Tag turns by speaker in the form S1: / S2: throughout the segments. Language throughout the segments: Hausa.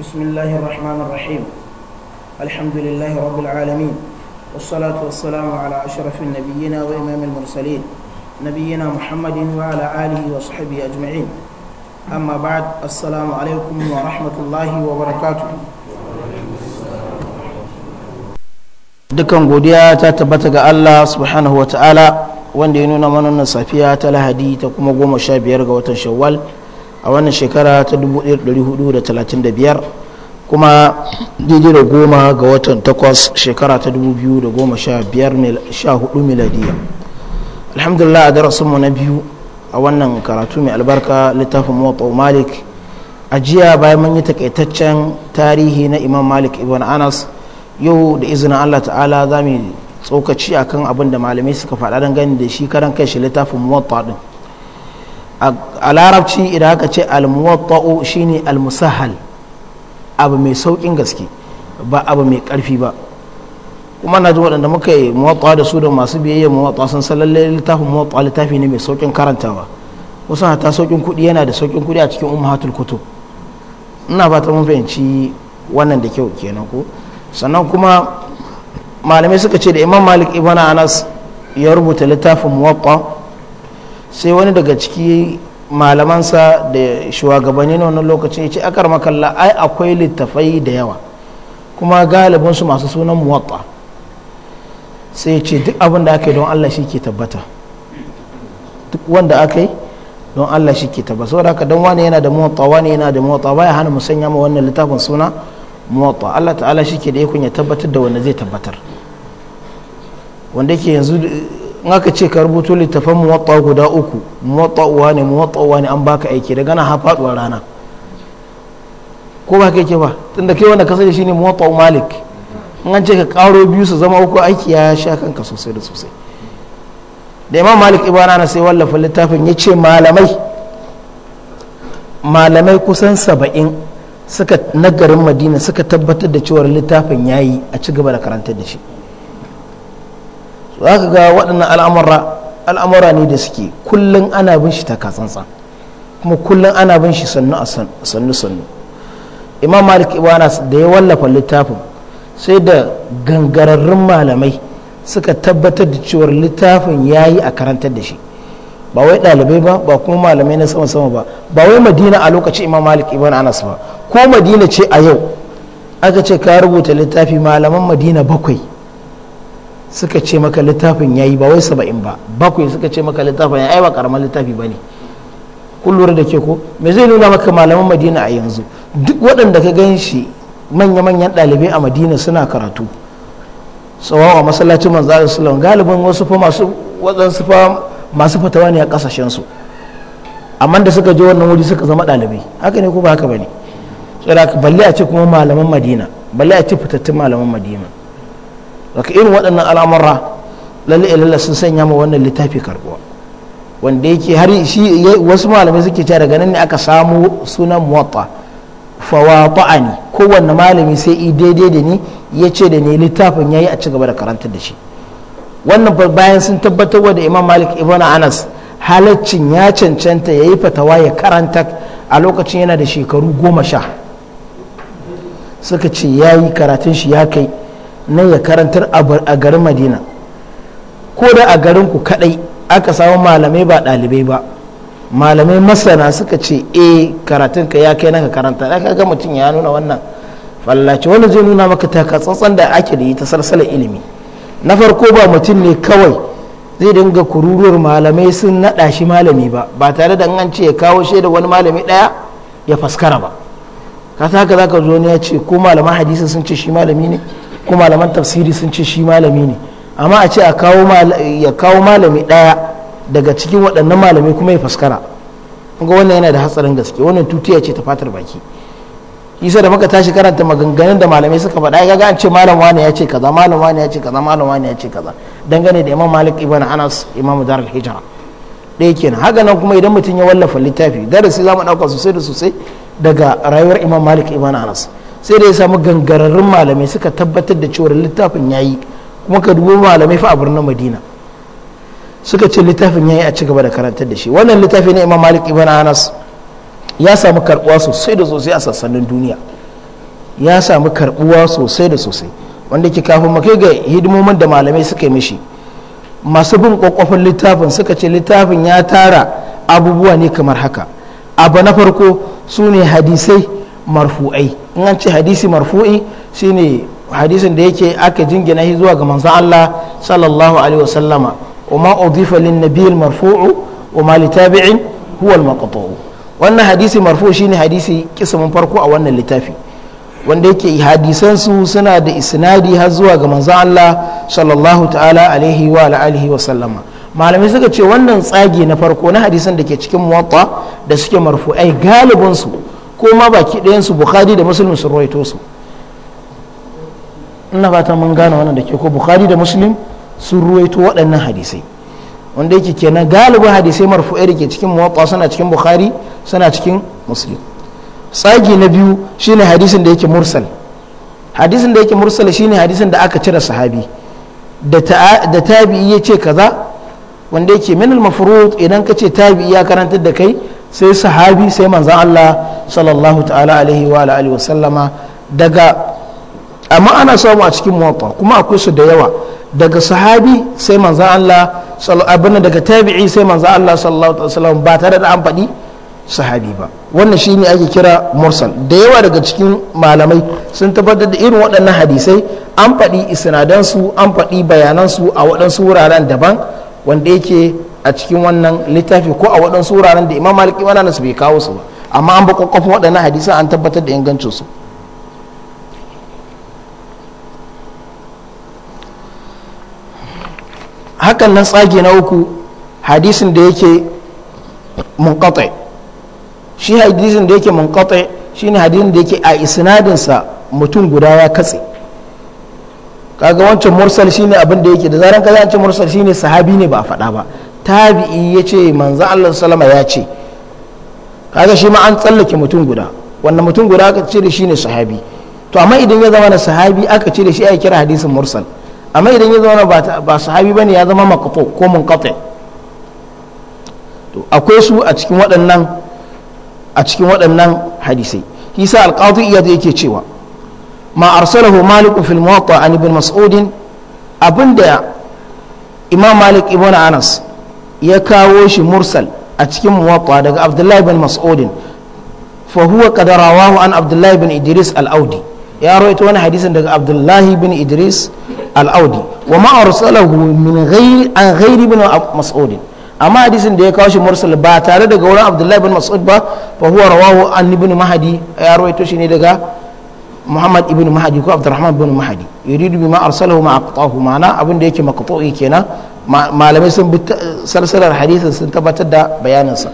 S1: بسم الله الرحمن الرحيم الحمد لله رب العالمين والصلاة والسلام على أشرف النبيين وإمام المرسلين نبينا محمد وعلى آله وصحبه أجمعين أما بعد السلام عليكم ورحمة الله وبركاته dukkan godiya ta tabbata ga Allah subhanahu wa ta'ala wanda ya nuna mana safiya ta lahadi ta kuma goma sha biyar ga watan shawwal a wannan shekara ta 1435 kuma daidai da goma ga watan takwas shekara ta 2014 miladiya alhamdulillah a darasinmu na biyu a wannan karatu mai albarka littafin mawata malik a jiya bayan mun yi takaitaccen tarihi na imam malik ibn anas yau da izinin allah ta'ala za mu tsokaci akan abin da malamai suka faɗa don gani da shi karan kai shi littafin mawata din a larabci idan aka ce almuwatta'u shine almusahal abu mai saukin gaske ba abu mai karfi ba kuma na ji waɗanda muka yi muwatta da su da masu biyayya muwatta sun salalle littafin muwatta littafi ne mai saukin karantawa kusan hata saukin kuɗi yana da saukin kuɗi a cikin ummahatul kutu ina fata mun fahimci wannan da kyau kenan ko sannan kuma malamai suka ce da imam malik ibana anas ya rubuta littafin muwatta sai wani daga ciki malamansa da shugabanni na wannan lokacin ya ce akar makalla ai akwai littafai da yawa kuma galibinsu masu sunan muwatta sai ya ce duk abin da aka yi don allah shi ke tabbata duk wanda aka yi don allah shi ke tabbata saboda haka don wani yana da muwatta wani yana da muwatta baya hana mu sanya ma wannan littafin suna muwatta allah ta'ala shi ke da ya ya tabbatar da wanda zai tabbatar wanda yake yanzu in aka ce ka rubuto littafan muwatta guda uku muwatta uwa ne muwatta uwa ne an baka aiki daga na hafaduwa rana ko ba ka yake ba tunda kai wanda ka sani shine muwatta malik in an ce ka karo biyu su zama uku aiki ya sha kanka sosai da sosai da imam malik ibana na sai wallafa littafin ya ce malamai malamai kusan saba'in suka nagarin garin madina suka tabbatar da cewar littafin yayi a ci gaba da karantar da shi za ka ga waɗannan al'amura al'amura ne da suke kullum ana bin shi takatsantsan kuma kullum ana bin shi sannu sannu sannu imam malik ibana da ya wallafa littafin sai da gangararrun malamai suka tabbatar da cewar littafin ya yi a karantar da shi ba wai ɗalibai ba ba kuma malamai na sama sama ba ba wai madina a lokacin imam malik ibn anas ba ko madina ce a yau aka ce ka rubuta littafi malaman madina bakwai suka ce maka littafin ya yi ba wai saba'in ba bakwai suka ce maka littafin ya ba karamar littafi ba ne kullum da ke ko me zai nuna maka malaman madina a yanzu duk waɗanda ka gan shi manya-manyan ɗalibai a madina suna karatu tsawon a masallacin manzo alaihi salam galibin wasu fa masu waɗansu fa masu fatawa ne a ƙasashen su amma da suka je wannan wuri suka zama ɗalibai haka ne ko ba haka bane saboda balle a ce kuma malaman madina balle a ce fitattun malaman madina daga irin waɗannan al'amura lalle eh, lalle sun sanya ma wannan littafi karbuwa wanda yake har shi wasu malamai suke cewa daga nan ne aka samu sunan muwatta fawata'ani kowanne malami sai i daidai da ni ya ce da ni littafin yayi a cigaba da karantar da shi wannan bayan sun tabbatar wa da imam malik ibn anas halaccin ya cancanta ya yi fatawa ya karanta a lokacin yana da shekaru goma sha suka ce ya yi karatun shi ya kai na ya karantar a garin madina ko da a garin ku kadai aka samu malamai ba ɗalibai ba malamai masana suka ce e karatun ka ya kai naka karanta da kaga mutum ya nuna wannan fallaci wanda zai nuna maka takatsantsan da ake da yi ta sarsalar ilimi na farko ba mutum ne kawai zai dinga kururuwar malamai sun naɗa shi malami ba ba tare da an ce ya kawo da wani malami ɗaya ya faskara ba ka haka zaka zo ne ya ce ko malaman hadisi sun ce shi malami ne ko malaman tafsiri sun ce shi malami ne amma a ce ya kawo malami ɗaya daga cikin waɗannan malamai kuma ya faskara ga wannan yana da hatsarin gaske wannan tutiya ce ta fatar baki isa da muka tashi karanta maganganun da malamai suka faɗa ya ga an ce malam wani ya ce kaza malam wani ya ce kaza malam wani ya ce kaza dangane da imam malik ibn anas imam al hijra ɗaya kenan haka nan kuma idan mutum ya wallafa littafi darasi za mu ɗauka sosai da sosai daga rayuwar imam malik ibn anas sai da ya samu gangararrun malamai suka tabbatar da cewar littafin ya yi kuma ka dubo malamai fa a birnin madina suka ce littafin ya yi a cigaba da karantar da shi wannan littafi ne imam malik ibn anas ya samu karbuwa sosai da sosai a sassanin duniya ya samu karbuwa sosai da sosai wanda ke kafin makai ga hidimomin da malamai suka yi mishi masu bin kwakwafin littafin suka ce littafin ya tara abubuwa ne kamar haka abu na farko su ne hadisai marfu'ai in an ce hadisi marfu'i shine hadisin da yake aka jingina shi zuwa ga manzon Allah sallallahu alaihi wasallama وما أضيف للنبي المرفوع وما لتابع wannan hadisi marfu'u shine hadisi kismin farko a wannan littafi wanda yake hadisan su suna da isnadi har zuwa ga manzon Allah sallallahu ta'ala alaihi wa alihi wa malamai suka ce wannan tsage na farko na hadisan da ke cikin muwatta da suke marfu'ai galibin su ko ma baki ɗayan su bukhari da muslim sun rawaito su ina fata mun gane wannan da ke ko bukhari da muslim sun ruwaito waɗannan hadisai wanda yake kenan galibin hadisai marfu'a da ke cikin muwatta suna cikin bukhari suna cikin muslim tsagi na biyu shine hadisin da yake mursal hadisin da yake mursal shine hadisin da aka cire sahabi da tabi'i ya ce kaza wanda yake min al idan ka ce tabi'i ya karantar da kai sai sahabi sai manzan Allah sallallahu ta'ala alaihi wa alihi wa sallama daga amma ana samu a cikin mota kuma akwai su da yawa daga sahabi sai manzan Allah abinda daga tabi'i sai manzan Allah sallallahu ta'ala sallam ba tare da an faɗi sahabi ba wannan shi ne ake kira mursal da yawa daga cikin malamai sun tabbatar da irin waɗannan hadisai an faɗi isnadansu an faɗi bayanansu a waɗansu wuraren daban wanda yake a cikin wannan littafi ko a waɗansu wuraren da imam maliki mana su bai kawo su ba amma an bakon kwakwafin waɗannan hadisa an tabbatar da ingancin su hakan nan tsage na uku hadisin da yake munkatai shi hadisin da yake munkatai ne hadisin da yake a isnadinsa mutum guda ya katse kaga wancan mursal shine abin da yake da zaran kaza an ce mursal shine sahabi ne ba a faɗa ba tabi'i ya ce manzo Allah salama ya ce kaga shi ma an tsallake mutum guda wannan mutum guda aka ce da shi ne sahabi to amma idan ya zama na sahabi aka ce da shi ya kira hadisin mursal amma idan ya zama ba sahabi bane ya zama makato ko munqati to akwai su a cikin waɗannan a cikin waɗannan hadisai kisa alqadi ya yake cewa ma arsalahu malik fil muwatta an ibn mas'ud abinda imam malik ibn anas ya kawo shi mursal a cikin muwatta daga abdullahi bin mas'udin fa huwa qad rawahu an abdullahi bin idris al-audi ya rawaito wani hadisin daga abdullahi bin idris al-audi wa ma arsalahu min ghairi an ghairi bin mas'udin amma hadisin da ya kawo shi mursal ba tare daga wurin abdullahi bin mas'ud ba fa huwa rawahu an ibn mahdi ya rawaito shi ne daga muhammad ibn mahdi ko abdurrahman ibn mahdi yuridu bima arsalahu ma aqtahu mana abin da yake maqtu'i kenan malamai sun bi sarsarar hadisin sun tabbatar da bayaninsa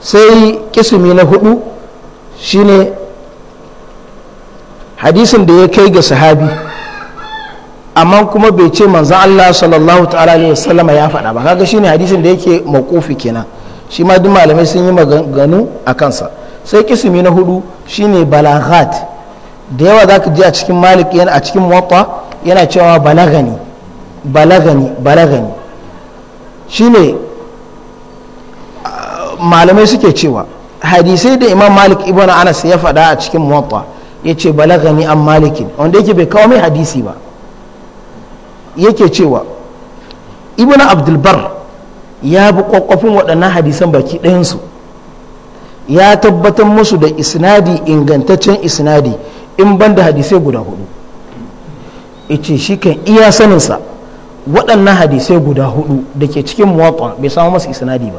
S1: sai kisumi na hudu shine hadisin da ya kai ga sahabi amma kuma bai ce manzan Allah sallallahu ta'ala alaihi wasallam ya faɗa ba kaga shine hadisin da yake mauqufi kenan shi ma duk malamai sun yi maganganu a kansa sai kisumi na hudu shine balaghat da yawa zaka je a cikin malik yana a cikin muwatta yana cewa balagani balagani balagani shine malamai suke cewa hadisai da imam malik ibn anas ya faɗa a cikin muwatta ya ce balagani an malikin wanda yake bai kawo mai hadisi ba yake cewa ibn abdulbar ya bi kwakwafin waɗannan hadisan baki ɗayansu ya tabbatar musu da isnadi ingantaccen isnadi in ban da hadisai guda hudu ya ce shi kan iya saninsa waɗannan hadisai guda hudu da ke cikin muwatta bai samu masu isnadi ba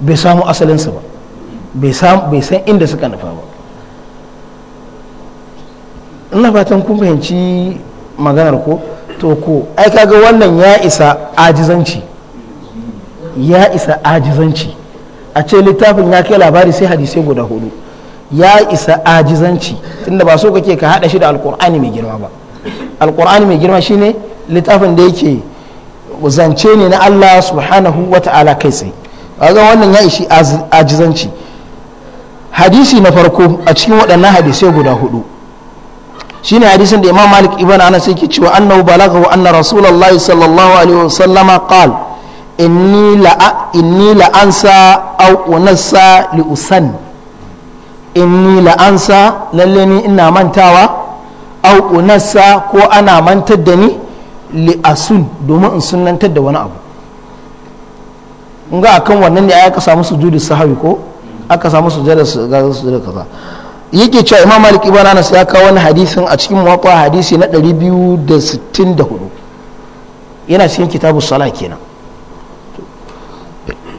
S1: bai samu asalinsu ba bai san inda suka nufa ba ina fatan kun fahimci maganar ko to ko ai kaga wannan ya isa ajizanci ya isa ajizanci a ce littafin ya kai labari sai hadisai guda hudu ya isa ajizanci tunda ba so kake ka haɗa shi da alkur'ani mai girma ba alkur'ani mai girma shine littafin da yake zance ne na Allah subhanahu wa ta'ala kai tsaye kaga wannan ya ishi ajizanci hadisi na farko a cikin waɗannan hadisai guda hudu Shi ne hadisin da Imam Malik ibn Anas yake cewa annahu balaghahu anna Rasulullah sallallahu alaihi wasallama qala inni la inni la ansa aw unassa li usan inni la ansa lalle ni ina mantawa aw unassa ko ana mantar da ni li'asun domin in sunantar da wani abu in ga akan wannan ne aka samu sujudu sahawi ko aka samu su su sujada kaza yake cewa imam malik ibn anas ya kawo wani hadisin a cikin muwatta hadisi na 264 yana cikin kitabu sala kenan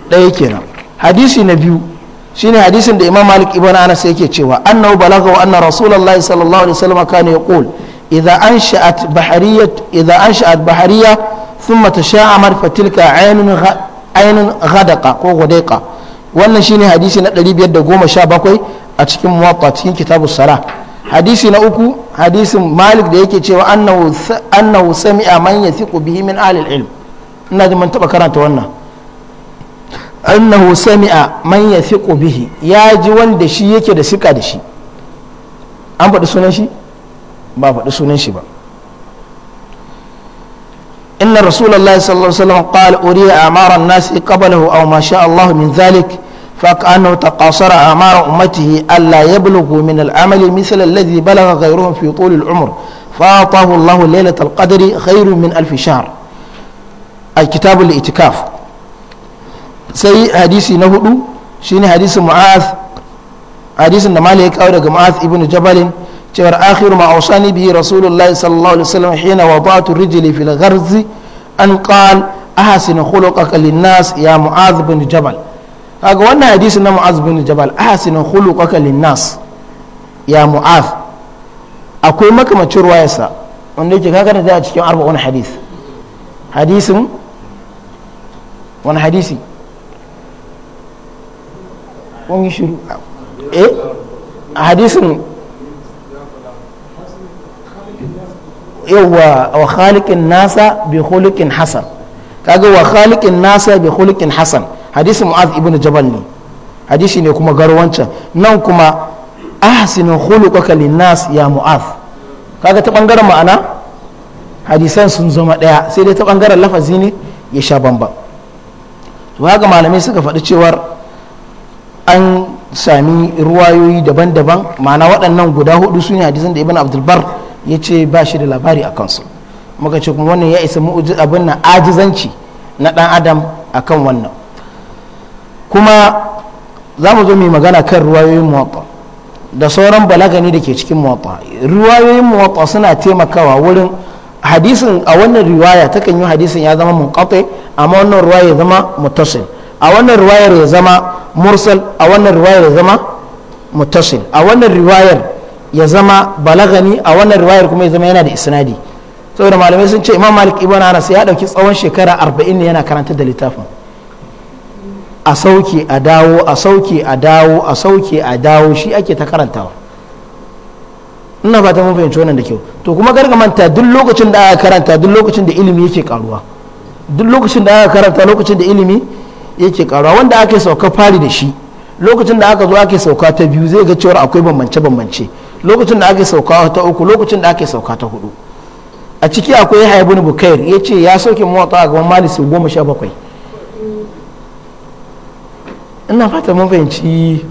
S1: ɗaya kenan hadisi na biyu shine hadisin da imam malik ibn anas yake cewa annahu balagha wa anna rasulullahi sallallahu alaihi wasallam kana yaqul إذا أنشأت bahariya sun mata بحرية ثم تشاعمت فتلك عين غ... عين غدقة كو غديقة wannan shine hadisi na 517 a cikin muwatta cikin kitabu sala hadisi na uku hadisin malik da yake cewa annahu annahu sami'a man yathiqu bihi min ahli ilm ina ji mun taba karanta bihi ya ji wanda shi yake da sika da an faɗi sunan shi ba faɗi sunan shi ba inna rasulallah sallallahu alaihi wasallam qala uri amara an-nas qablahu aw ma sha Allah min zalik fa ka'annahu taqasara amara ummatihi alla yablughu min al-amali mithla alladhi balagha ghayruhum fi tul al-umr fa atahu Allah laylat al-qadri khayrun min alf shahr al itikaf sai hadisi na hudu shine hadisin mu'az hadisin da malik ya kawo daga mu'az ibnu jabalin cewar akhiru ma ausani bihi rasulullahi sallallahu alaihi wasallam hina wada'tu rijli fil gharz an qal ahsin khuluqaka lin nas ya mu'adh bin jabal kaga wannan hadisi na mu'adh bin jabal ahsin khuluqaka lin nas ya mu'adh akwai makamacin ruwayarsa wanda yake kaga da a cikin arba'un hadith hadisin wani hadisi wani shiru eh hadisin yawa wa khaliqin nasa bi khuluqin hasan kaga wa khaliqin nasa bi khuluqin hasan hadisi mu'az ibn jabal ne hadisi ne kuma garwancan nan kuma ahsinu khuluqaka lin nas ya mu'az kaga ta bangaren ma'ana hadisan sun zama daya sai dai ta bangaren lafazi ne ya sha bamba to kaga malamai suka faɗi cewar an sami ruwayoyi daban-daban ma'ana waɗannan guda hudu su ne hadisan da ibn abdulbar ya ce ba shi da labari a kansu muka ce kuma wannan ya isa abin nan ajizanci na dan adam a kan wannan kuma za mu zo mai magana kan ruwayoyin mawata da sauran balagani da ke cikin mawata ruwayoyin mawata suna taimakawa wurin hadisin a wannan riwaya ta kan yi hadisin ya zama munkatai amma wannan ruwaya ya zama mutasil a wannan riwayar ya zama mursal a wannan riwayar ya zama mutasil a wannan riwayar ya zama balagani a wannan riwayar kuma ya zama yana da isnadi saboda malamai sun ce imam malik ibn anas ya dauki tsawon shekara 40 ne yana karanta da littafin a sauke a dawo a sauke a dawo a sauke a dawo shi ake ta karantawa ina fata mun fahimci wannan da kyau to kuma gargamanta duk lokacin da aka karanta duk lokacin da ilimi yake karuwa duk lokacin da aka karanta lokacin da ilimi yake karuwa wanda ake sauka fari da shi lokacin da aka zo ake sauka ta biyu zai ga cewar akwai bambance bambance lokacin da ake sauka ta uku lokacin da ake sauka ta hudu a ciki akwai yahya ibn bukair ya ce ya sauke mawata a gaban malik sau goma sha bakwai ina fata mun fahimci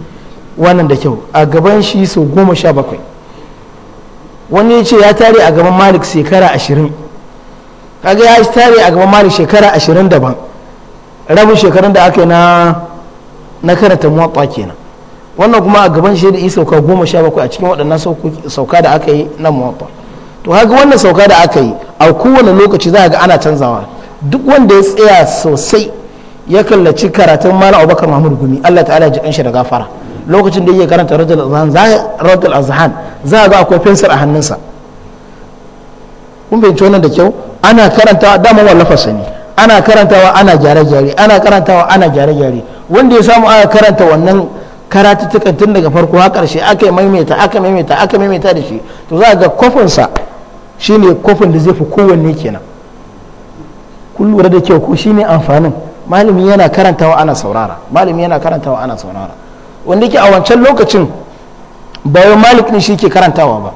S1: wannan da kyau a gaban shi sau goma sha bakwai wani ya ce ya tare a gaban malik shekara ashirin kaga ya tare a gaban malik shekara ashirin daban rabin shekarun da aka yi na karanta mawata kenan wannan kuma a gaban shi da yi sauka goma sha bakwai a cikin waɗannan sauka da aka yi na muwatta to haka wannan sauka da aka yi a kowane lokaci za ga ana canzawa duk wanda ya tsaya sosai ya kallaci karatun malam abubakar mahmud gumi allah ta'ala ya ji shi da gafara lokacin da ya karanta radul azhan za ga akwai fensir a hannunsa kun bai wannan da kyau ana karantawa dama wallafa sani ana karantawa ana gyare-gyare ana karantawa ana gyare-gyare wanda ya samu aka karanta wannan karatuttukan tun daga farko har ƙarshe aka maimaita aka maimaita aka maimaita da shi to za ga kofinsa ne kofin da zai fi kowanne kenan kun lura da kyau ko shi ne amfanin malami yana karantawa ana saurara malami yana karantawa ana saurara wanda ke a wancan lokacin ba wai malik ne shi ke karantawa ba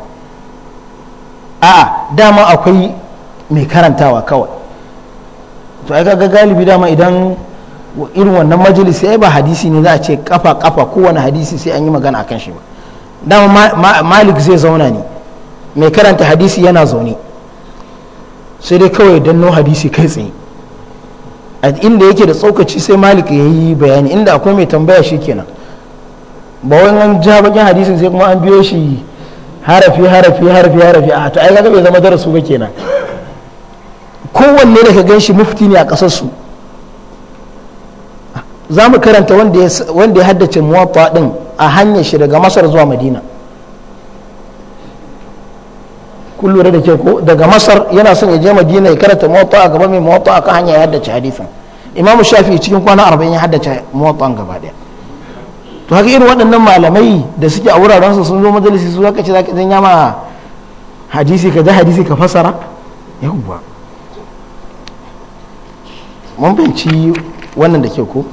S1: a'a dama akwai mai karantawa kawai to ai ga galibi dama idan irin wannan majalisa ai ba hadisi ne za a ce kafa kafa kowane hadisi sai an yi magana akan shi ba dama malik zai zauna ne mai karanta hadisi yana zaune sai dai kawai danno hadisi kai tsaye a inda yake da tsokaci sai malik ya yi bayani inda akwai mai tambaya shi kenan ba wai an ja bakin hadisin sai kuma an biyo shi harafi harafi harafi harafi a to ai kaga bai zama darasu ba kenan kowanne da ka gan shi mufti ne a kasar su za mu karanta wanda ya haddace muwatta din a hanyar shi daga masar zuwa madina kun lura da ke ko daga masar yana son ya je madina ya karanta muwatta a gaba mai muwatta a kan hanyar ya haddace hadisin imam shafi cikin kwana arba'in ya haddace muwatta gaba daya to haka irin waɗannan malamai da suke a wuraren su sun zo majalisi su zaka ce zaka janya ma hadisi ka da hadisi ka fasara yawwa mun binci wannan da ke ko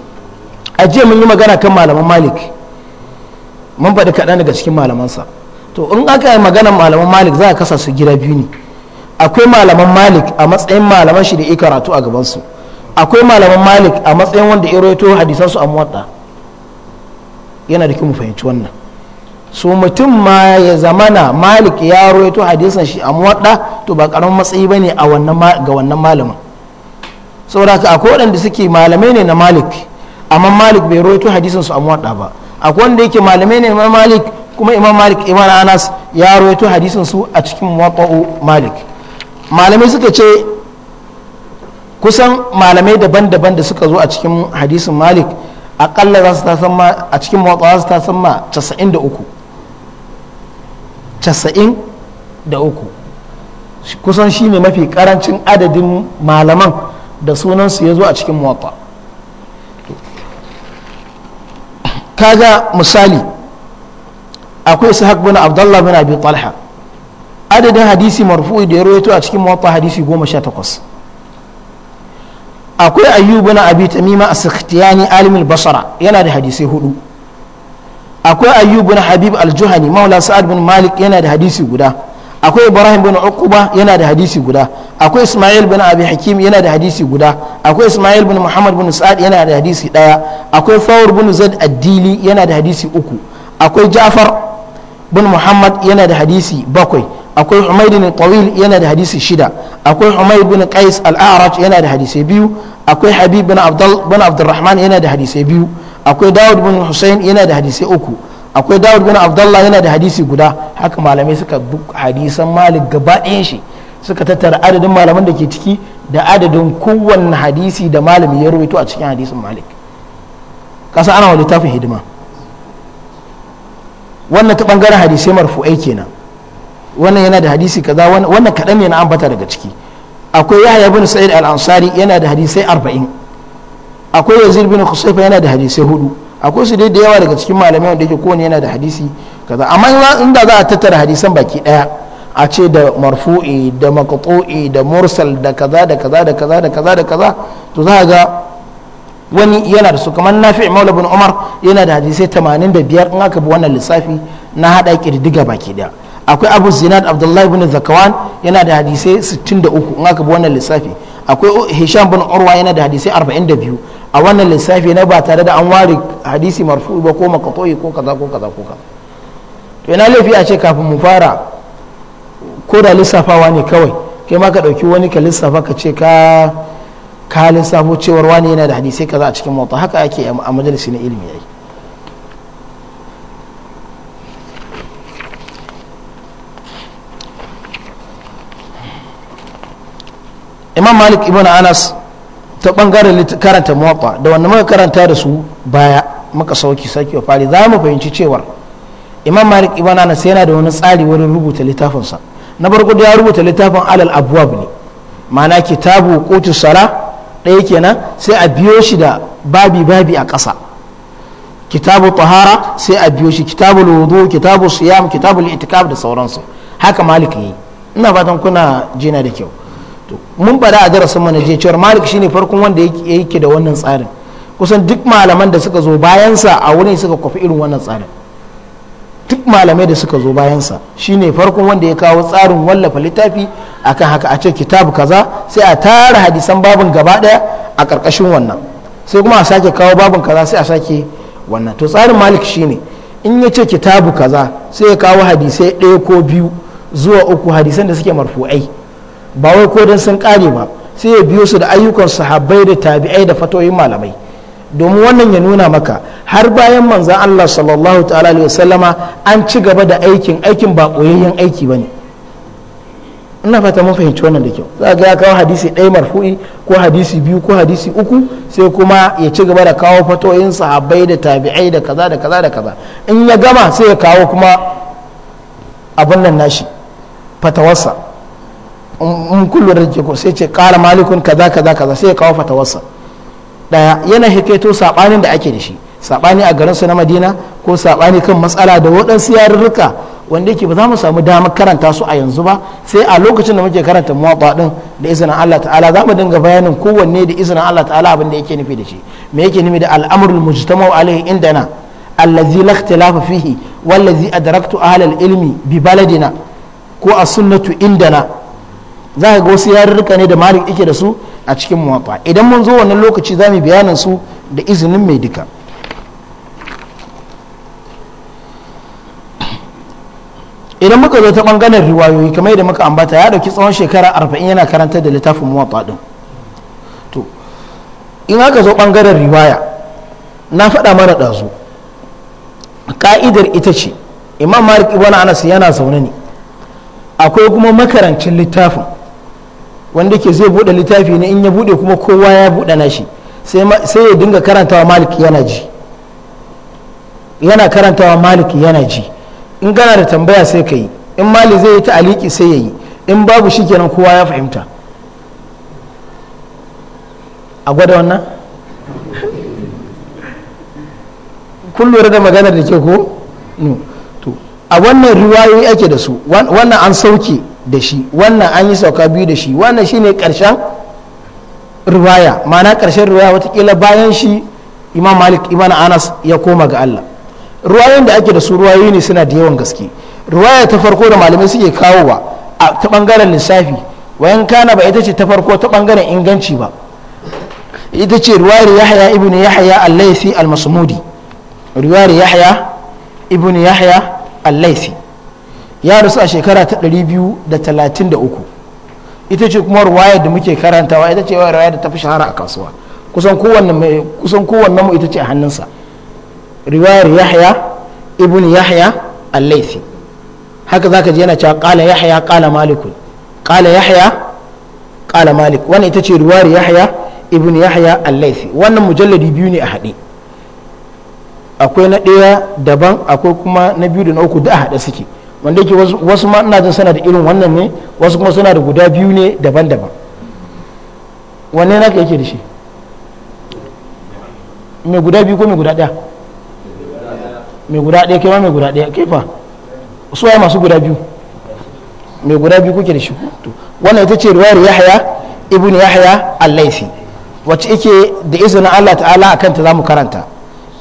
S1: a jiya mun yi magana kan malaman malik mun faɗi kaɗan daga cikin malamansa to in aka yi magana malaman malik za a kasa su gida biyu ne akwai malaman malik a matsayin malaman shi da ya karatu a gabansu akwai malaman malik a matsayin wanda ya rawaito hadisansu a muwadda yana da mu fahimci wannan su mutum ma ya zamana malik ya rawaito hadisan shi a muwadda to ba karamin matsayi ba ne ga wannan malamin saboda akwai waɗanda suke malamai ne na malik amma malik bai rawaito hadisin su a muwadda ba akwai wanda yake malamai ne imam malik kuma imam malik imam anas ya rawaito hadisin su a cikin muwadda'u malik malamai suka ce kusan malamai daban-daban da suka zo a cikin hadisin malik akalla za su ta san ma a cikin muwadda'u za su ta san ma 93 93 kusan shi ne mafi karancin adadin malaman da sunansu ya zo a cikin muwadda'u kaga misali akwai ishaq bin abdullah bin abi talha adadin hadisi marfu da ya rawaito a cikin mawata hadisi goma sha takwas akwai ayyub bin abi tamima a sakhtiyani alimin basara yana da hadisai hudu akwai ayyub na habib Aljuhani juhani maula sa'ad bin malik yana da hadisi guda akwai ibrahim bin uquba yana da hadisi guda akwai isma'il bin abi hakim yana da hadisi guda akwai isma'il bin muhammad bin sa'ad yana da hadisi daya akwai fawr bin zaid ad-dili yana da hadisi uku akwai ja'far bin muhammad yana da hadisi bakwai akwai umayd bin tawil yana da hadisi shida akwai umayd bin qais al-a'raj yana da hadisi biyu akwai habib bin abdul bin abdurrahman yana da hadisi biyu akwai dawud bin husayn yana da hadisi uku akwai dawud bin abdullah yana da hadisi guda haka malamai suka hadisan malik gaba ɗayan shi suka tattara adadin malaman da ke ciki da adadin kowanne hadisi da malami ya rubuto a cikin hadisin malik kasa ana wani littafin hidima wannan ta bangaren hadisai marfu'ai kenan wannan yana da hadisi kaza wannan kaɗan ne na ambata daga ciki akwai yahya bin sa'id al-ansari yana da hadisai arba'in akwai yazid bin khusayfa yana da hadisai hudu akwai su dai da yawa daga cikin malamai wanda yake kowane yana da hadisi kaza amma inda za a tattara hadisan baki daya a ce da marfu'i da maqtu'i da mursal da kaza da kaza da kaza da kaza da kaza to za ga wani yana da su kamar nafi maula bin umar yana da hadisai 85 in aka bi wannan lissafi na haɗa kirdiga baki daya akwai abu zinad abdullahi bin zakawan yana da hadisai 63 in aka bi wannan lissafi akwai hisham bin urwa yana da hadisai arba'in da 42 a wannan lissafi na ba tare da an ware hadisi marfu ba ko makatoyi ko kaza ko kaza ko kaza to ina laifi a ce kafin mu fara ko da lissafawa ne kawai kai ma ka ɗauki wani ka lissafa ka ce ka ka lissafo cewar wani yana da hadisai kaza a cikin mota haka ake a majalisi na ilimi yayi imam malik ibn anas ta bangaren karanta mawaƙa da wanda muka karanta da su baya muka sauki sauki wa fari za mu fahimci cewar imam malik ibn anas yana da wani tsari wurin rubuta littafinsa na farko da ya rubuta littafin alal abwab ne ma'ana kitabu kotu sala ɗaya kenan sai a biyo shi da babi babi a ƙasa kitabu tahara sai a biyo shi kitabu lodo kitabu siyam kitabu itikaf da sauransu haka malik yi ina fatan kuna jina da kyau mun bada a darasin mana je cewar malik shine farkon wanda yake da wannan tsarin kusan duk malaman da suka zo bayansa a wurin suka kwafi irin wannan tsarin duk malamai da suka zo bayansa shine farkon wanda ya kawo tsarin wallafa littafi akan haka a ce kitabu kaza sai a tara hadisan babin gaba daya a karkashin wannan sai kuma a sake kawo babin kaza sai a sake wannan to tsarin malik shine in ya ce kitabu kaza sai ya kawo hadisai ɗaya ko biyu zuwa uku hadisan da suke marfu'ai ba wai ko dan sun kare ba sai ya biyo su da ayyukan sahabbai da tabi'ai da fatoyin malamai domin wannan ya nuna maka har bayan manzan Allah sallallahu ta'ala alaihi wasallama an ci gaba da aikin aikin ba koyayyen aiki bane ina fata mun fahimci wannan da kyau za ga ya kawo hadisi ɗaya marfu'i ko hadisi biyu ko hadisi uku sai kuma ya ci gaba da kawo fatoyin sahabbai da tabi'ai da kaza da kaza da kaza in ya gama sai ya kawo kuma abin nan nashi fatawarsa in kullum da ko sai ce kara malikun kaza kaza kaza sai ya kawo wasa. daya yana hikaito sabanin da ake da shi sabani a garinsu na madina ko sabani kan matsala da waɗansu yarurruka wanda yake ba za mu samu damar karanta su a yanzu ba sai a lokacin da muke karanta muwatta din da izinin Allah ta'ala za mu dinga bayanin kowanne da izinin Allah ta'ala abin da yake nufi da shi me yake nufi da al'amrul mujtama'u alaihi indana allazi la ikhtilafa fihi wallazi adraktu ahlal ilmi bi baladina ko as-sunnatu indana za ka ga wasu yarurruka ne da malik yake da su a cikin muwafa idan mun zo wannan lokaci za mu bayanin su da izinin mai duka idan muka zo ta bangaren riwayoyi kamar yadda muka ambata ya dauki tsawon shekara arba'in yana karantar da littafin muwafa din to in aka zo bangaren riwaya na faɗa mana ɗazu ka'idar ita ce imam malik ibn anas yana zaune ne akwai kuma makarancin littafin wanda ke zai bude littafi ne in ya bude kuma kowa ya bude nashi sai ya dinga karantawa maliki yana ji yana karantawa maliki yana ji in gana da tambaya sai ka yi in mali zai yi ta'aliki sai ya yi in babu shi kenan kowa ya fahimta a gwada wannan kun lura da maganar da ke ko to a wannan riwayoyi ake da su wannan an sauke da shi wannan an yi sauka biyu da shi wannan shi ne karshen riwaya ma'ana karshen riwaya watakila bayan shi imam malik imam anas ya koma ga allah ruwayoyin da ake da su ruwayoyi ne suna da yawan gaske ruwaya ta farko da malamai suke kawowa a ta bangaren lissafi wayan kana ba ita ce ta farko ta bangaren inganci ba ita ce ruwayar yahya ibn yahya al-laythi al-masmudi ruwayar yahya ibn yahya al ya rasu a shekara ta 233 ita ce kuma ruwaya da muke karantawa ita ce ruwaya da ta fi shahara a kasuwa kusan kowanne kusan kowanne mu ita ce a hannunsa riwayar Yahya ibn Yahya al-Laythi haka zaka ji yana cewa qala Yahya qala Malik qala Yahya qala Malik wannan ita ce riwayar Yahya ibn Yahya al-Laythi wannan mujalladi biyu ne a haɗe akwai na ɗaya daban akwai kuma na biyu da na uku da a haɗe suke wanda yake wasu ma ina jin suna da irin wannan ne wasu kuma suna da guda biyu ne daban-daban wanne naka yake da shi mai guda biyu ko mai guda ɗaya mai guda ɗaya kai ma mai guda ɗaya kai fa su waye masu guda biyu mai guda biyu kuke da shi to wannan ita ce ruwayar Yahya ibnu Yahya al laisi wacce yake da izinin Allah ta'ala akan ta zamu karanta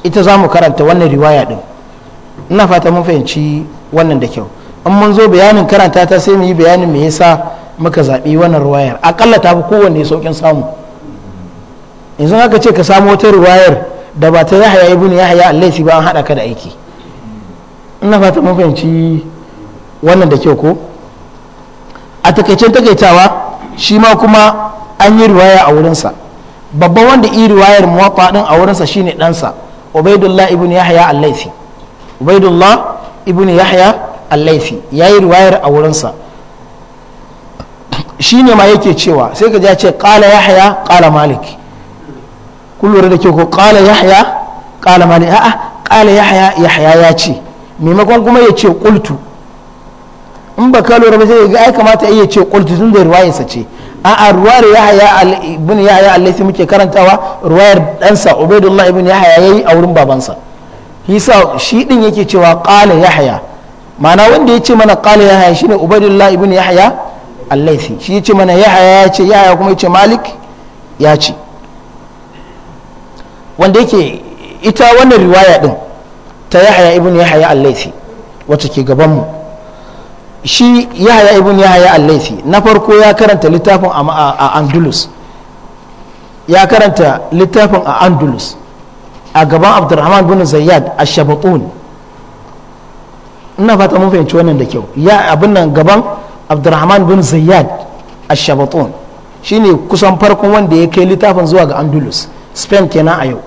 S1: ita zamu karanta wannan riwaya din ina fata mun fahimci wannan da kyau in mun zo bayanin karanta ta sai mu yi bayanin me yasa muka zaɓi wannan ruwayar akalla ta fi kowanne saukin samu yanzu haka ce ka samu wata ruwayar da ba ta yahaya ibn yahaya allaisi ba an haɗa ka da aiki ina fata mun fahimci wannan da kyau ko a takaicen takaitawa shi ma kuma an yi ruwaya a wurinsa babban wanda yi ruwayar muwafa din a wurinsa shine ɗansa ubaidullah ibnu yahaya allaisi ubaidullah ibn yahya al-laifi yayi riwayar a wurinsa shine ma yake cewa sai ka ji ce qala yahya qala malik kun da ke ko qala yahya qala malik a'a qala yahya yahya ya ce maimakon kuma ya ce qultu in ba ka lura ba sai ga ai kamata ai ya ce qultu tun da riwayarsa ce a'a ruwayar yahya ibn yahya al-laifi muke karantawa ruwayar ɗansa ubaidullah ibn yahya yayi a wurin babansa yasa shi din yake cewa qala yahya ma'ana wanda ya ce mana qala yahya shine ubaidullah ibn yahya al shi ya ce mana yahya ya ce yahya kuma ya ce malik ya ce wanda yake ita wannan riwaya din ta yahya ibn yahya al wacce ke gaban mu shi yahya ibn yahya al na farko ya karanta littafin a andalus ya karanta littafin a andalus a gaban abdurrahman bin zayyad a shabatun ina fata mun fahimci wannan da kyau ya abin nan gaban abdurrahman bin zayyad a shabatun shine kusan farkon wanda ya kai littafin zuwa ga andalus spain kenan a yau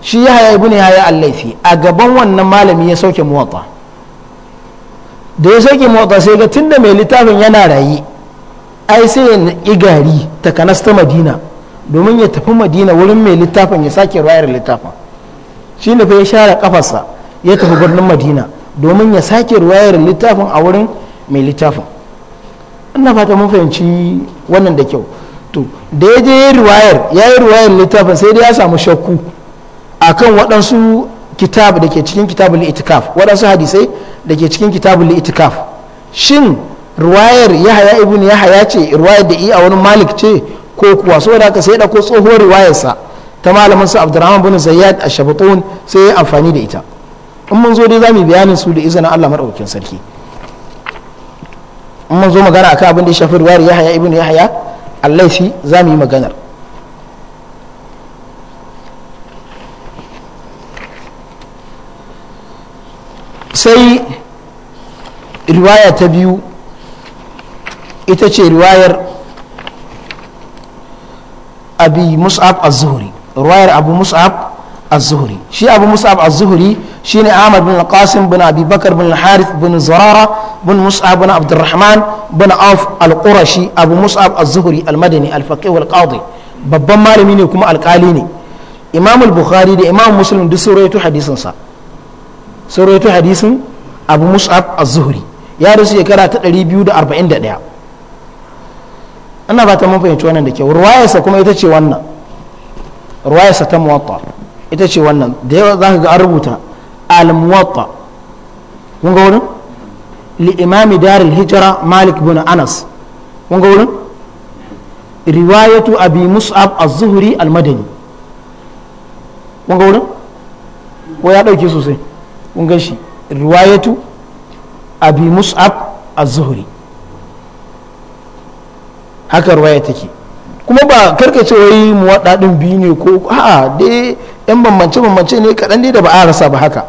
S1: shi ya haya ibn haya laifi a gaban wannan malami ya sauke muwatta da ya sauke muwatta sai ga da mai littafin yana rayi ai sai ya igari takanas ta madina domin ya tafi madina wurin mai littafin ya sake ruwayar littafin shi ne fa ya share kafarsa ya tafi birnin madina domin ya sake ruwayar littafin a wurin mai littafin ina fata mun fahimci wannan da kyau to da ya je ya ruwayar ya yi ruwayar littafin sai dai ya samu shakku akan waɗansu kitab da ke cikin kitabul itikaf waɗansu hadisai da ke cikin kitabul itikaf shin ruwayar yahaya ibn yahaya ce ruwayar da i a wani malik ce ko kuwa saboda haka sai ya ɗauko tsohuwar riwayarsa ta malamin sa Abdurrahman bin Zayyad Ash-Shabtun sai ya amfani da ita in mun zo dai zamu bayanin su da izinin Allah madaukakin sarki in mun zo magana akan abin da ya shafi riwayar Yahya ibn Yahya al zamu yi maganar sai riwaya ta biyu ita ce riwayar abi mus'ab az-zuhri ruwayar abu mus'ab az-zuhri shi abu mus'ab az-zuhri shine amr bin qasim bin abi bakar bin harith bin zarara bin mus'ab bin abdurrahman bin auf al-qurashi abu mus'ab az-zuhri al-madani al-faqih wal-qadi babban malami ne kuma alkali ne imam al-bukhari da imam muslim duk sun rawaito hadisin sa sun rawaito hadisin abu mus'ab az-zuhri ya rasu shekara ta 241 ana ba ta mun fahimci wannan da kyau ruwayarsa kuma ita ce wannan ruwayarsa ta muwatta ita ce wannan da yawa za ka ga an rubuta al-muwatta kun ga wurin li imami darul hijra malik bin anas kun ga wurin riwayatu abi mus'ab az-zuhri al-madani kun ga wurin ko ya dauke sosai kun ga shi riwayatu abi mus'ab az-zuhri haka ruwaya take kuma ba karka ce wai muwadda din biyu ne ko a'a dai yan bambance bambance ne kaɗan dai da ba a rasa ba haka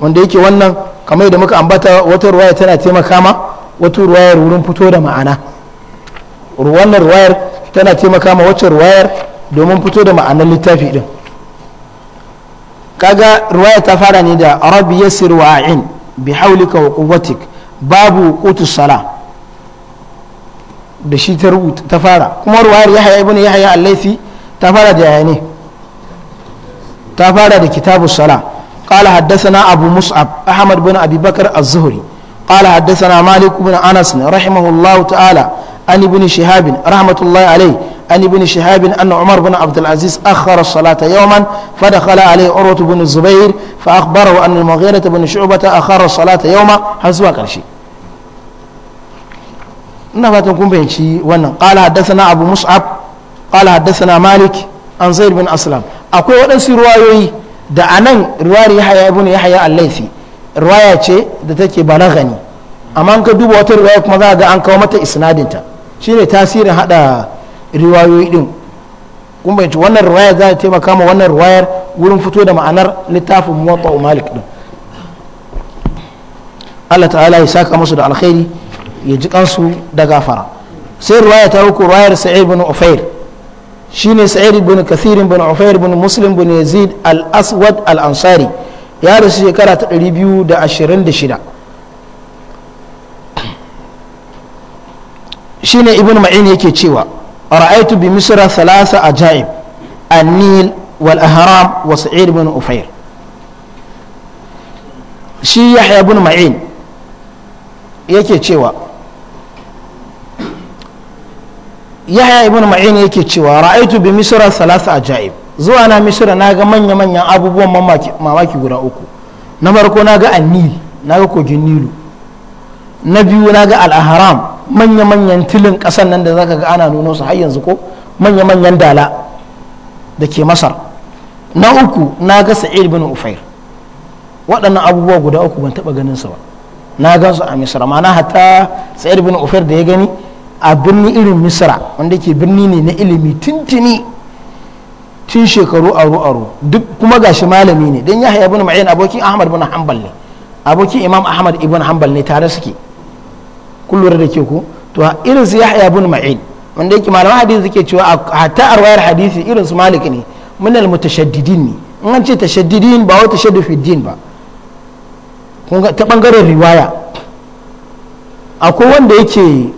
S1: wanda yake wannan kamar da muka ambata wata ruwaya tana taimaka ma wata ruwayar wurin fito da ma'ana wannan ruwayar tana taimaka ma wacce ruwayar domin fito da ma'anar littafi din kaga ruwaya ta fara ne da rabbi yassir wa'in bi hawlika wa quwwatik babu qutus salah da shi ta rubuta ta fara kuma ruwayar ibn yahya al-laythi ta fara da yaya ne ta fara da kitabu sala qala haddathana abu mus'ab ahmad bin abi bakr az-zuhri qala haddathana malik bin anas rahimahullahu ta'ala an ibn shihab rahmatullahi alayhi an ibn shihab anna umar bin abd al-aziz akhara as-salata yawman fadakhala alayhi urwa bin zubair fa akhbarahu anna al-mughira bin shu'bah akhara as-salata yawma har zuwa ƙarshe. ina fatan kun bayanci wannan qala haddathana abu mus'ab qala haddathana malik an zaid bin aslam akwai waɗansu riwayoyi da anan riwayar yahya ibn yahya al-laythi riwaya ce da take balaghani amma ka duba wata riwaya kuma za ga an kawo mata isnadinta shine tasirin hada riwayoyi din kun bayanci wannan riwaya za ta taimaka ma wannan riwayar wurin fito da ma'anar littafin muwatta malik din Allah ta'ala ya saka musu da alkhairi ya ji kansu da gafara sai ruwaya ta uku ruwayar sa'id ibn ufair shine sa'id ibn kathir ibn ufair ibn muslim ibn yazid al-aswad al-ansari ya rasu shekara ta 226 shine ibn ma'in yake cewa ra'aitu bi misra thalatha ajaib an-nil wal ahram wa sa'id ibn ufair shi yahya bin ma'in yake cewa yahya ibn ma'in yake cewa ra'aitu bi misra salasa ajaib zuwa na misra na ga manya-manyan abubuwan mamaki guda uku na farko na ga annil na ga kogin nilu na biyu na ga al'aharam manya-manyan tilin ƙasan nan da zaka ga ana nuno su har yanzu ko manya-manyan dala da ke masar na uku na ga sa'id bin ufair waɗannan abubuwa guda uku ban taɓa ganin su ba na gan su a misra ma'ana hatta sa'id bin ufair da ya gani a birni irin misra wanda ke birni ne na ilimi tuntuni tun shekaru aro aro duk kuma gashi malami ne don yahya ibn ma'in abokin ahmad ibn hanbal ne abokin imam ahmad ibn hanbal ne tare suke kullum da ke ku to irin su yahya ibn ma'in wanda yake malaman hadisi suke cewa hatta arwayar hadisi irin su malik ne min al mutashaddidin ne in an ce tashaddidin ba wata tashaddu fi din ba ta bangaren riwaya akwai wanda yake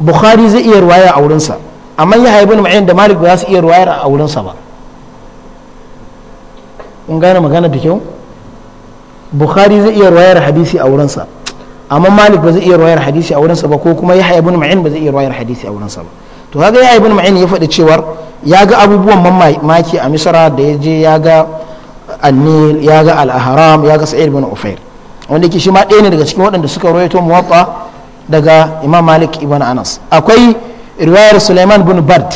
S1: bukhari zai iya ruwaya a wurinsa amma ya haibu na da malik ba za su iya ruwayar a wurinsa ba in gane magana da kyau bukhari zai iya ruwayar hadisi a wurinsa amma malik ba zai iya ruwayar hadisi a wurinsa ba ko kuma ya haibu na ba zai iya ruwayar hadisi a wurinsa ba to haka ya haibu ma'ayin ya faɗi cewar ya ga abubuwan mamaki a misra da ya je ya ga annil ya ga al-ahram ya ga sa'id bin ufair wanda ke shi ma ɗaya ne daga cikin waɗanda suka rawaito muwatta daga imam malik ibn anas akwai riwayar suleiman bin bard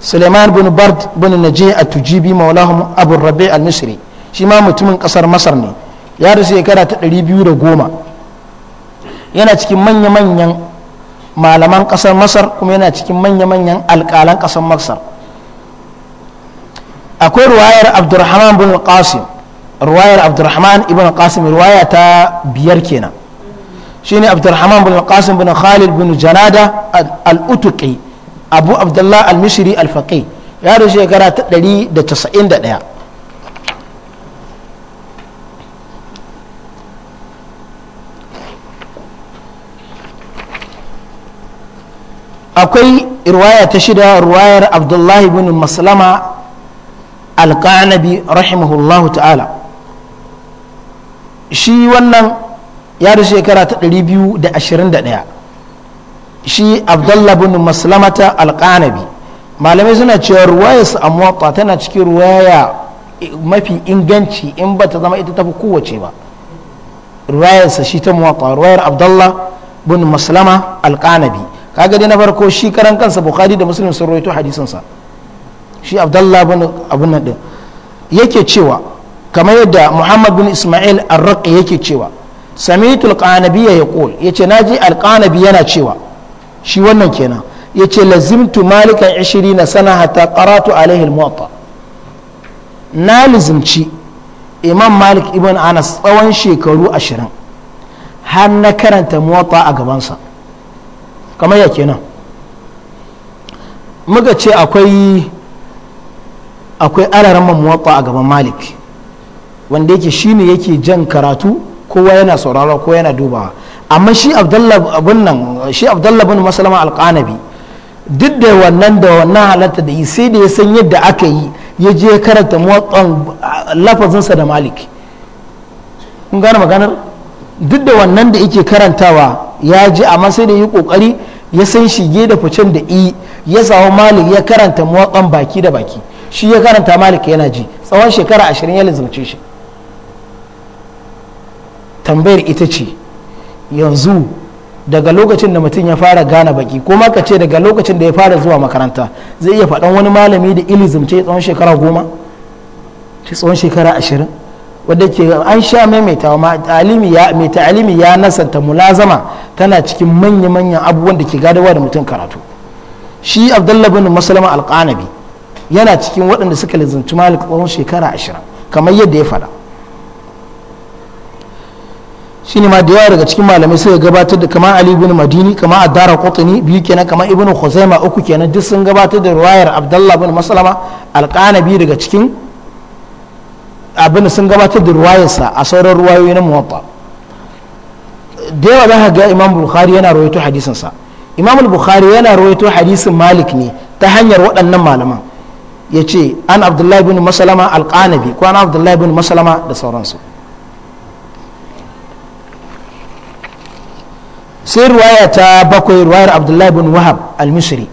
S1: suleiman bin bard bin naje a tujibi maulahum abu rabi al-misri shi ma mutumin kasar masar ne ya da shekara ta goma yana cikin manya-manyan malaman kasar masar kuma yana cikin manya-manyan alkalan kasar masar akwai ruwayar abdurrahman bin qasim ruwayar abdurrahman ibn qasim ruwaya ta biyar kenan shine abdurrahman bin qasim bin khalid bin janada al-utuqi abu abdullah al-mishri al-faqih ya da shekara ta 191 akwai ruwaya ta shida ruwayar abdullah bin maslama al-qanabi rahimahullahu ta'ala shi wannan ya da shekara ta 221 shi abdullah bin maslamata alƙanabi malamai suna cewa ruwaya su amwata tana cikin ruwaya mafi inganci in ba ta zama ita tafi kowace ba ruwayarsa shi ta muwatta ruwayar abdullah bin maslama alƙanabi kaga dai na farko shi karan kansa bukhari da muslim sun rawaito hadisinsa shi abdullah bin abun nan din yake cewa kamar yadda muhammad bin isma'il arraqi yake cewa samitul qanabi ya qul yace naji alqanabi yana cewa shi wannan kenan yace lazimtu malikan 20 sana hatta qaratu alaihi almuwatta na lazimci imam malik ibn anas tsawon shekaru ashirin har na karanta muwatta a gabansa kamar yake nan muka ce akwai akwai alaran muwatta a gaban malik wanda yake shine yake jan karatu kowa yana sauraro kowa yana dubawa amma shi abdullah bin nan shi abdullah duk da wannan da wannan halatta da yi sai da ya san yadda aka yi ya je karanta motsan lafazinsa da malik kun gane maganar duk da wannan da yake karantawa ya ji amma sai da yi kokari ya san shige da ficen da i ya samu malik ya karanta motsan baki da baki shi ya karanta malik yana ji tsawon shekara ashirin ya lizarci shi tambayar ita ce yanzu daga lokacin da mutum ya fara gane baki ko ka ce daga lokacin da ya fara zuwa makaranta zai iya faɗan wani malami da ce tsawon shekara goma ce tsawon shekara ashirin wadda ke an sha maimaita mai ta'alimi ya nasanta mulazama tana cikin manya-manyan abubuwan da ke gadawa da mutum karatu shi abdullabin bin maslama alƙanabi yana cikin waɗanda suka lizinci malik tsawon shekara ashirin kamar yadda ya faɗa ne ma da yawa daga cikin malamai suka gabatar da kama Ali ibn Madini kama Adara kotuni biyu kenan kama Ibn Khuzaima uku kenan duk sun gabatar da ruwayar Abdullah ibn Maslama alqanabi daga cikin abin sun gabatar da ruwayarsa a sauran ruwayoyi na Muwatta da yawa zaka ga Imam Bukhari yana rawaito hadisin sa Imam Bukhari yana rawaito hadisin Malik ne ta hanyar waɗannan malaman ya ce an Abdullah ibn Maslama alqanabi ko an Abdullah ibn Maslama da sauransu sai ruwaya ta bakwai ruwayar abdullahi bin wahab al-misri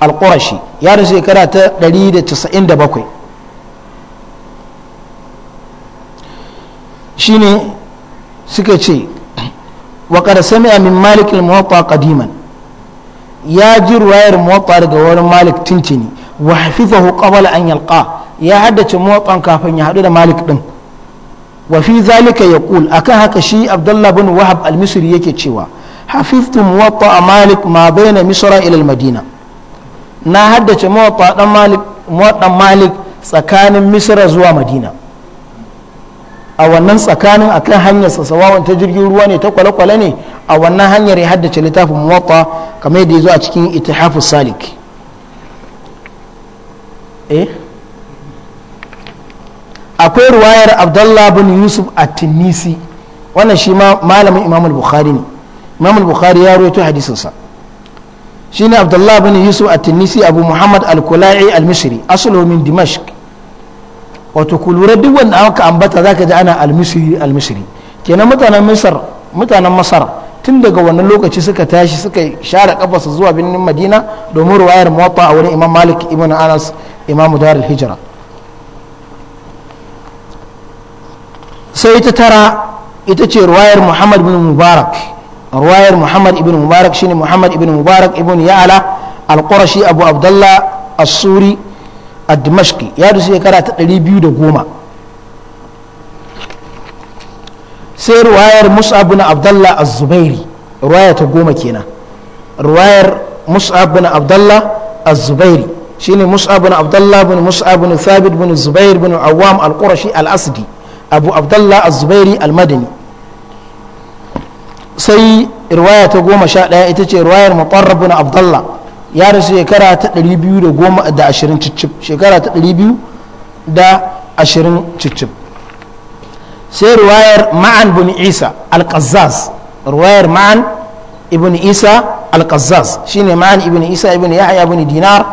S1: al-qurashi ya rasu shekara ta 197 shine suka ce wa sami min malik al-muwatta ya ji ruwayar muwatta daga wurin malik tintini wa hafifahu qabla an yalqa ya haddace muwattan kafin ya haɗu da malik ɗin. wa fi zalika yaqul akan haka shi abdullah bin wahab al-misri yake cewa hafiftu muwatta malik ma baina misra ila madina na haddace muwatta dan malik tsakanin misra zuwa madina a wannan tsakanin akan hanyar sasawawan ta jirgin ruwa ne ta kwale-kwale ne a wannan hanyar ya haddace littafin muwatta kamar yadda ya zo a cikin ittihafus salik eh? akwai ruwayar abdullah bin yusuf at-tinisi wannan shi ma malamin imam al-bukhari ne imam al-bukhari ya rawaito hadisinsa shine abdullah bin yusuf a tinisi abu muhammad al-kula'i al-misri aslu min dimashq wato ku duk wanda aka ambata zaka ji ana al-misri al-misri kenan mutanen misr mutanen masar tun daga wannan lokaci suka tashi suka share kafarsa zuwa birnin madina domin ruwayar muwatta a wurin imam malik ibn anas imamu darul hijra sai ta tara ita ce ruwayar muhammad ibn mubarak ruwayar muhammad ibn mubarak shine muhammad ibn mubarak ibn ya'ala al-qurashi abu abdullah as-suri ad-dimashqi ya rusu shekara ta 210 sai ruwayar mus'ab ibn abdullah az-zubairi ruwaya ta goma kenan ruwayar mus'ab ibn abdullah az-zubairi shine mus'ab ibn abdullah ibn mus'ab ibn thabit ibn zubair ibn awwam al-qurashi al-asdi al al asdi abu abdullah az-zubairi sai riwaya ta goma sha ɗaya ita ce riwayar mutarrab na abdullah ya rasu shekara ta ɗari biyu da goma da ashirin cicif shekara ta ɗari biyu da ashirin cicif sai riwayar ma'an bin isa al riwayar ma'an ibn isa al shine ma'an ibn isa ibn yahya ibn dinar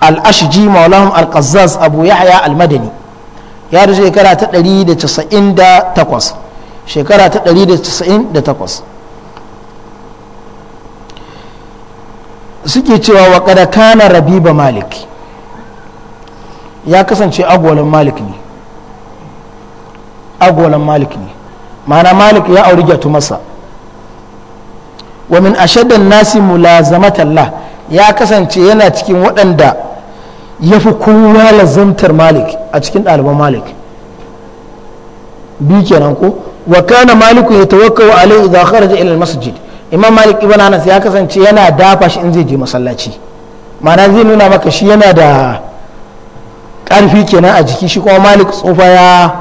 S1: al-ashji maulahum al-qazzaz abu yahya al-madani ya da shekara ta 198 shekara ta 198 suke cewa wa kada kana rabiba malik ya kasance agwalan malik ne agwalan malik ne ma'ana malik ya auri gyatu masa wa min ashaddan nasi mulazamatallah ya kasance yana cikin waɗanda ya fi kowa lazantar malik a cikin ɗaliban malik bi kenan ko wa kana Maliku ya tawakkau alai idza kharaja ila masjid imam malik ibn anas ya kasance yana dafa shi in zai je masallaci ma'ana zai nuna maka shi yana da ƙarfi kenan a jiki shi kuma malik tsufa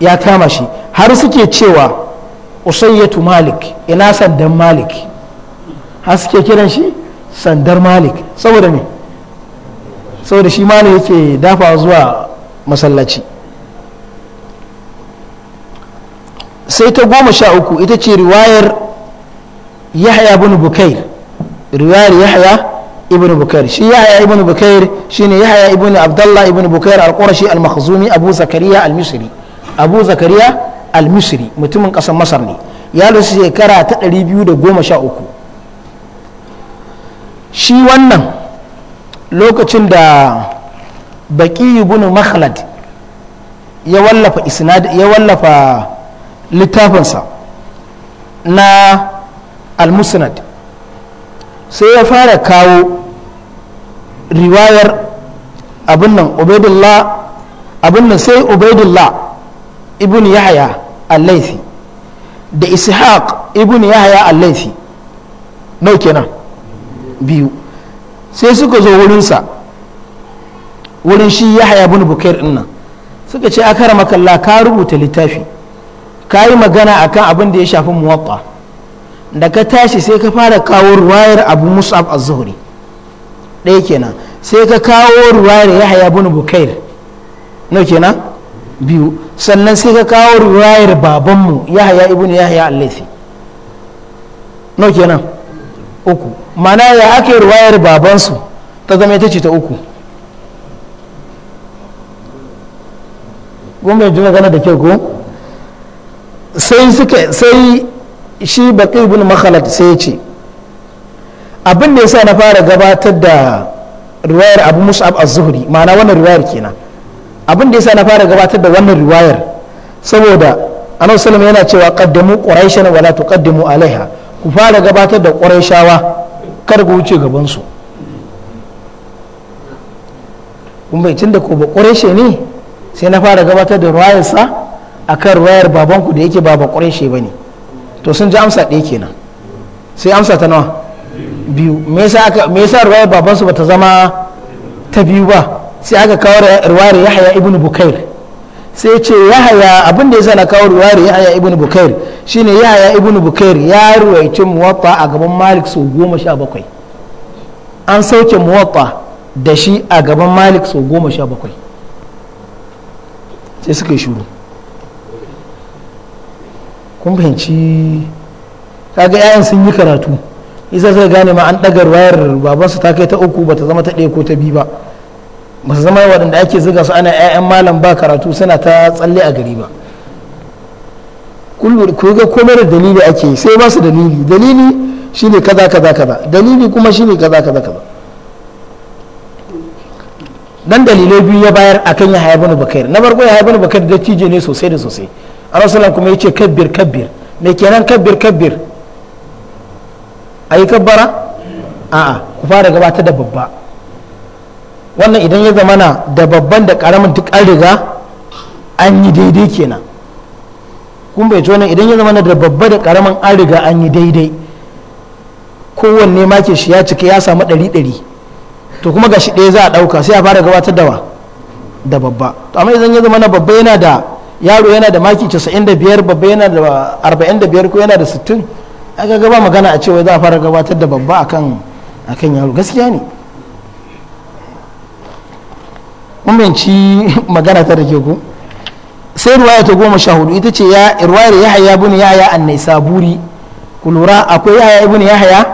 S1: ya kama shi har suke cewa usayyatu malik ina sandan malik har suke kiran shi sandar malik saboda me saboda shi ma ne yake dafa zuwa masallaci sai ta goma sha uku ita ce riwayar yahya bin bukair riwayar yahya ibn bukair shi yahya ibn bukair shine yahaya ibn abdullah ibn bukair al-qurashi al-makhzumi abu zakariya al-misri abu zakariya al-misri mutumin kasar masar ne ya lusu shekara ta 213 shi wannan lokacin da baki ibn makhlad ya wallafa isnad ya wallafa littafinsa na al-musnad sai ya fara kawo riwayar abin nan ubaidullah abin nan sai ubaidullah ibn yahya al laythi da ishaq ibn yahya al-laifi nau kenan biyu sai suka zo wurinsa wurin shi ya haya bin bukair din nan suka ce aka rama kalla ka rubuta littafi ka yi magana a kan abin da ya shafi muwaƙa da ka tashi sai ka fara kawo ruwayar abu musab a zuhri ɗaya kenan sai ka kawo ruwayar ya haya bin bukair nau kenan biyu sannan sai ka kawo ruwayar babanmu ya haya ibn ya haya al-laifi kenan uku mana ya ake ruwayar babansu ta zama ita ce ta uku goma ji magana da kyau ko sai suka sai shi baƙi bin makhalat sai ya ce abin da yasa na fara gabatar da ruwayar abu mus'ab az-zuhri ma'ana wannan ruwayar kenan abin da yasa na fara gabatar da wannan ruwayar saboda annabi sallallahu yana cewa qaddamu quraishan wala tuqaddimu alaiha ku fara gabatar da quraishawa karga wuce gabansu kuma bai da ko ba ƙureshe ne sai na fara gabatar da ruwayarsa a kan ruwayar babanku da yake ba ba ƙureshe ba ne to sun ji amsa ɗaya kenan sai amsa ta nawa biyu me yasa ruwayar babansu ba ta zama ta biyu ba sai aka kawo ruwayar yahaya ibnu bukair sai ce yahaya abin da yasa na kawo ruwayar yahaya ibnu bukair shine yaya ibnu bukair ya ruwaici muwatta a gaban malik sau goma sha bakwai an sauke muwatta da shi a gaban malik sau goma sha bakwai sai suka yi shuru kun fahimci kaga 'ya'yan sun yi karatu isa zai gane ma an ɗagar wayar babansu ta kai ta uku ba ta zama ta ɗaya ko ta biyu ba ba su zama waɗanda ake ziga su ana 'ya'yan malam ba karatu suna ta tsalle a gari ba kullum ku ga komai da dalili ake yi sai ba su dalili dalili shine kaza kaza kaza dalili kuma shine kaza kaza kaza dan dalilai biyu ya bayar akan ya haibu na bakar na farko ya haibu na bakar da tije ne sosai da sosai arasalan kuma yace kabbir kabbir me kenan kabbir kabbir a yi kabbara a'a ku fara gabatar da babba wannan idan ya zamana da babban da karamin duk an riga an yi daidai kenan kun bai wannan idan ya zama na da babba da karamin an riga an yi daidai kowanne makin shi ya cika ya samu ɗari ɗari to kuma gashi ɗaya za a ɗauka sai a fara gabatar da wa da babba to amma idan ya zama na babba yana da yaro yana da maki 95 babba yana da 45 ko yana da 60 aka gaba magana a cewa za a fara gabatar da babba akan akan yaro gaskiya ne mun magana ta da ke ku sai ruwaya ta goma sha hudu ita ce ya ya yahaya bin yahaya annai saburi ku lura akwai yahaya ibn yahaya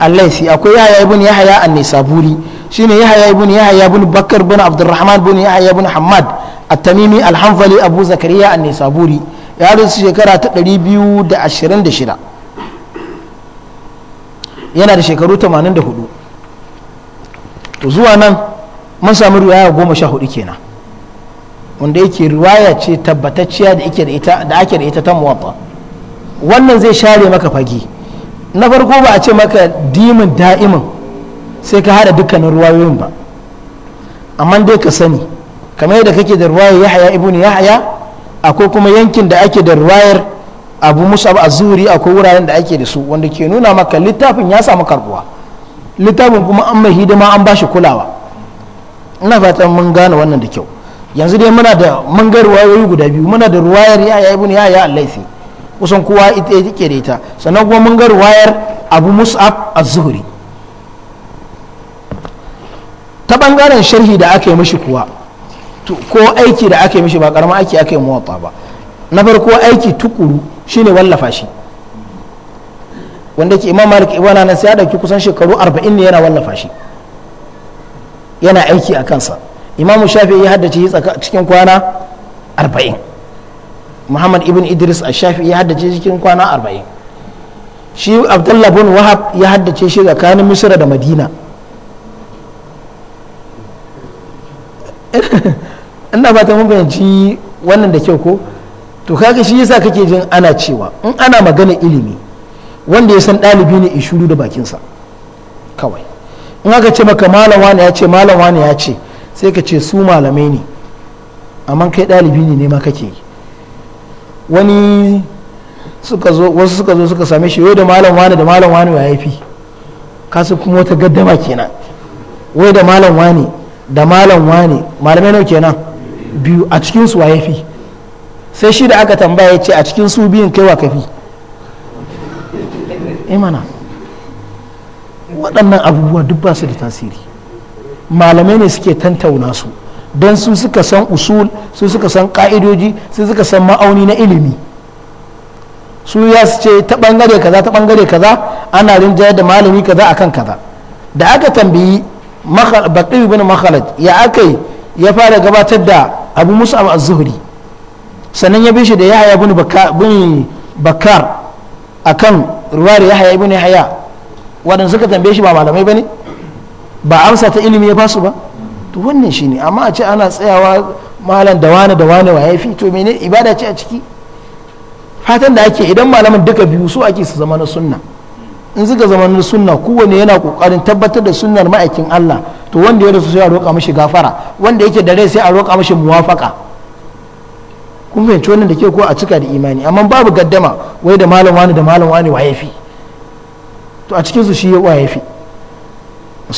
S1: allaisi akwai yahaya ibn yahaya annai saburi shine yahaya ya yahaya bin bakar bin abdurrahman bin yahaya bin hamad at-tamimi al-hanfali abu zakariya annai saburi ya rinsu shekara ta 226 yana da shekaru 84 to zuwa nan mun sami ruwaya goma sha hudu kenan wanda yake riwaya ce tabbatacciya da ake da ita ake da ita ta muwatta wannan zai share maka fage na farko ba a ce maka dimin da'imin sai ka hada dukkanin ruwayoyin ba amma dai ka sani kamar yadda kake da ruwayar yahaya ibu-yahaya akwai kuma yankin da ake da ruwayar abu musab azuri akwai wuraren da ake da su wanda ke nuna maka littafin ya samu karbuwa littafin kuma an mai hidima an bashi kulawa ina fatan mun gane wannan da kyau yanzu dai muna da mangar ruwayoyi guda biyu muna da ruwayar yaya yi yaya al-laifi kusan kowa ita ke da ita sannan kuma mun ga ruwayar abu mus'ab a zuhri ta bangaren sharhi da aka yi mishi kuwa ko aiki da aka yi mishi ba karamin aiki aka yi mawata ba na farko aiki tukuru shine wallafa shi wanda ke imam malik ibana nan sai ya dauki kusan shekaru 40 ne yana wallafa shi yana aiki a kansa imamu shafi ya haddace cikin kwana arba'in muhammad ibn idris a shafi ya haddace cikin kwana arba'in shi abdullah bin wahab ya haddace shi tsakanin misira da madina ina ba ta mun bayanci wannan da kyau ko to kaga shi yasa kake jin ana cewa in ana magana ilimi wanda ya san ɗalibi ne ishuru da bakinsa kawai in aka ce maka malam wani ya ce malam wani ya ce sai ka ce su malamai ne amma kai ɗalibi ne nema kake yi wani wasu suka zo suka same shi yau da malam wani da malam wani ya fi kasu kuma wata gaddama kenan wai da malam wani da malam wani malamai nau kenan biyu a cikin su ya fi sai shi da aka tambaya ce a cikin su biyun kai wa kafi imana eh waɗannan abubuwa duk ba su da tasiri malamai ne suke tantauna su don su suka san usul su suka san ka'idoji su suka san ma'auni na ilimi su ya su ce ta bangare kaza ta bangare kaza ana rinjayar da malami kaza akan kaza da aka tambayi baƙi bin makhalaj ya aka ya fara gabatar da abu musu a zuhri sannan ya bi da ya haya bin bakar akan ruwa da bin ya haya waɗanda suka tambaye shi ba malamai ba ne ba amsa ta ilimi ya basu ba to wannan shine amma a ce ana tsayawa malam da wane da wane wa yafi to mene ibada ce a ciki fatan da ake idan malamin duka biyu so ake su zama na sunna in suka zama na sunna kowanne yana kokarin tabbatar da sunnar ma'aikin Allah to wanda ya rasu sai a roƙa mishi gafara wanda yake da rai sai a roƙa mishi muwafaka kun fahimci wannan da ke ko a cika da imani amma babu gaddama wai da malam wani da malam wani wa yafi to a cikin shi ya wa yafi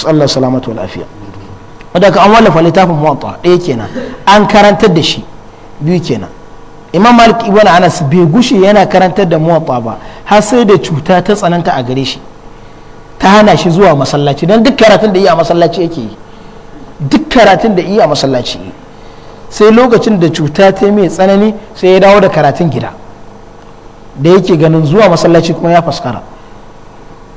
S1: Allah salamatu wa lafiya wadda ka an wallafa littafin muwatta ɗaya kenan an karantar da shi biyu kenan imam malik ibn anas bai gushe yana karantar da muwatta ba har sai da cuta ta tsananta a gare shi ta hana shi zuwa masallaci don duk karatun da iya masallaci yake yi duk karatun da iya masallaci yi sai lokacin da cuta ta mai tsanani sai ya dawo da karatun gida da yake ganin zuwa masallaci kuma ya faskara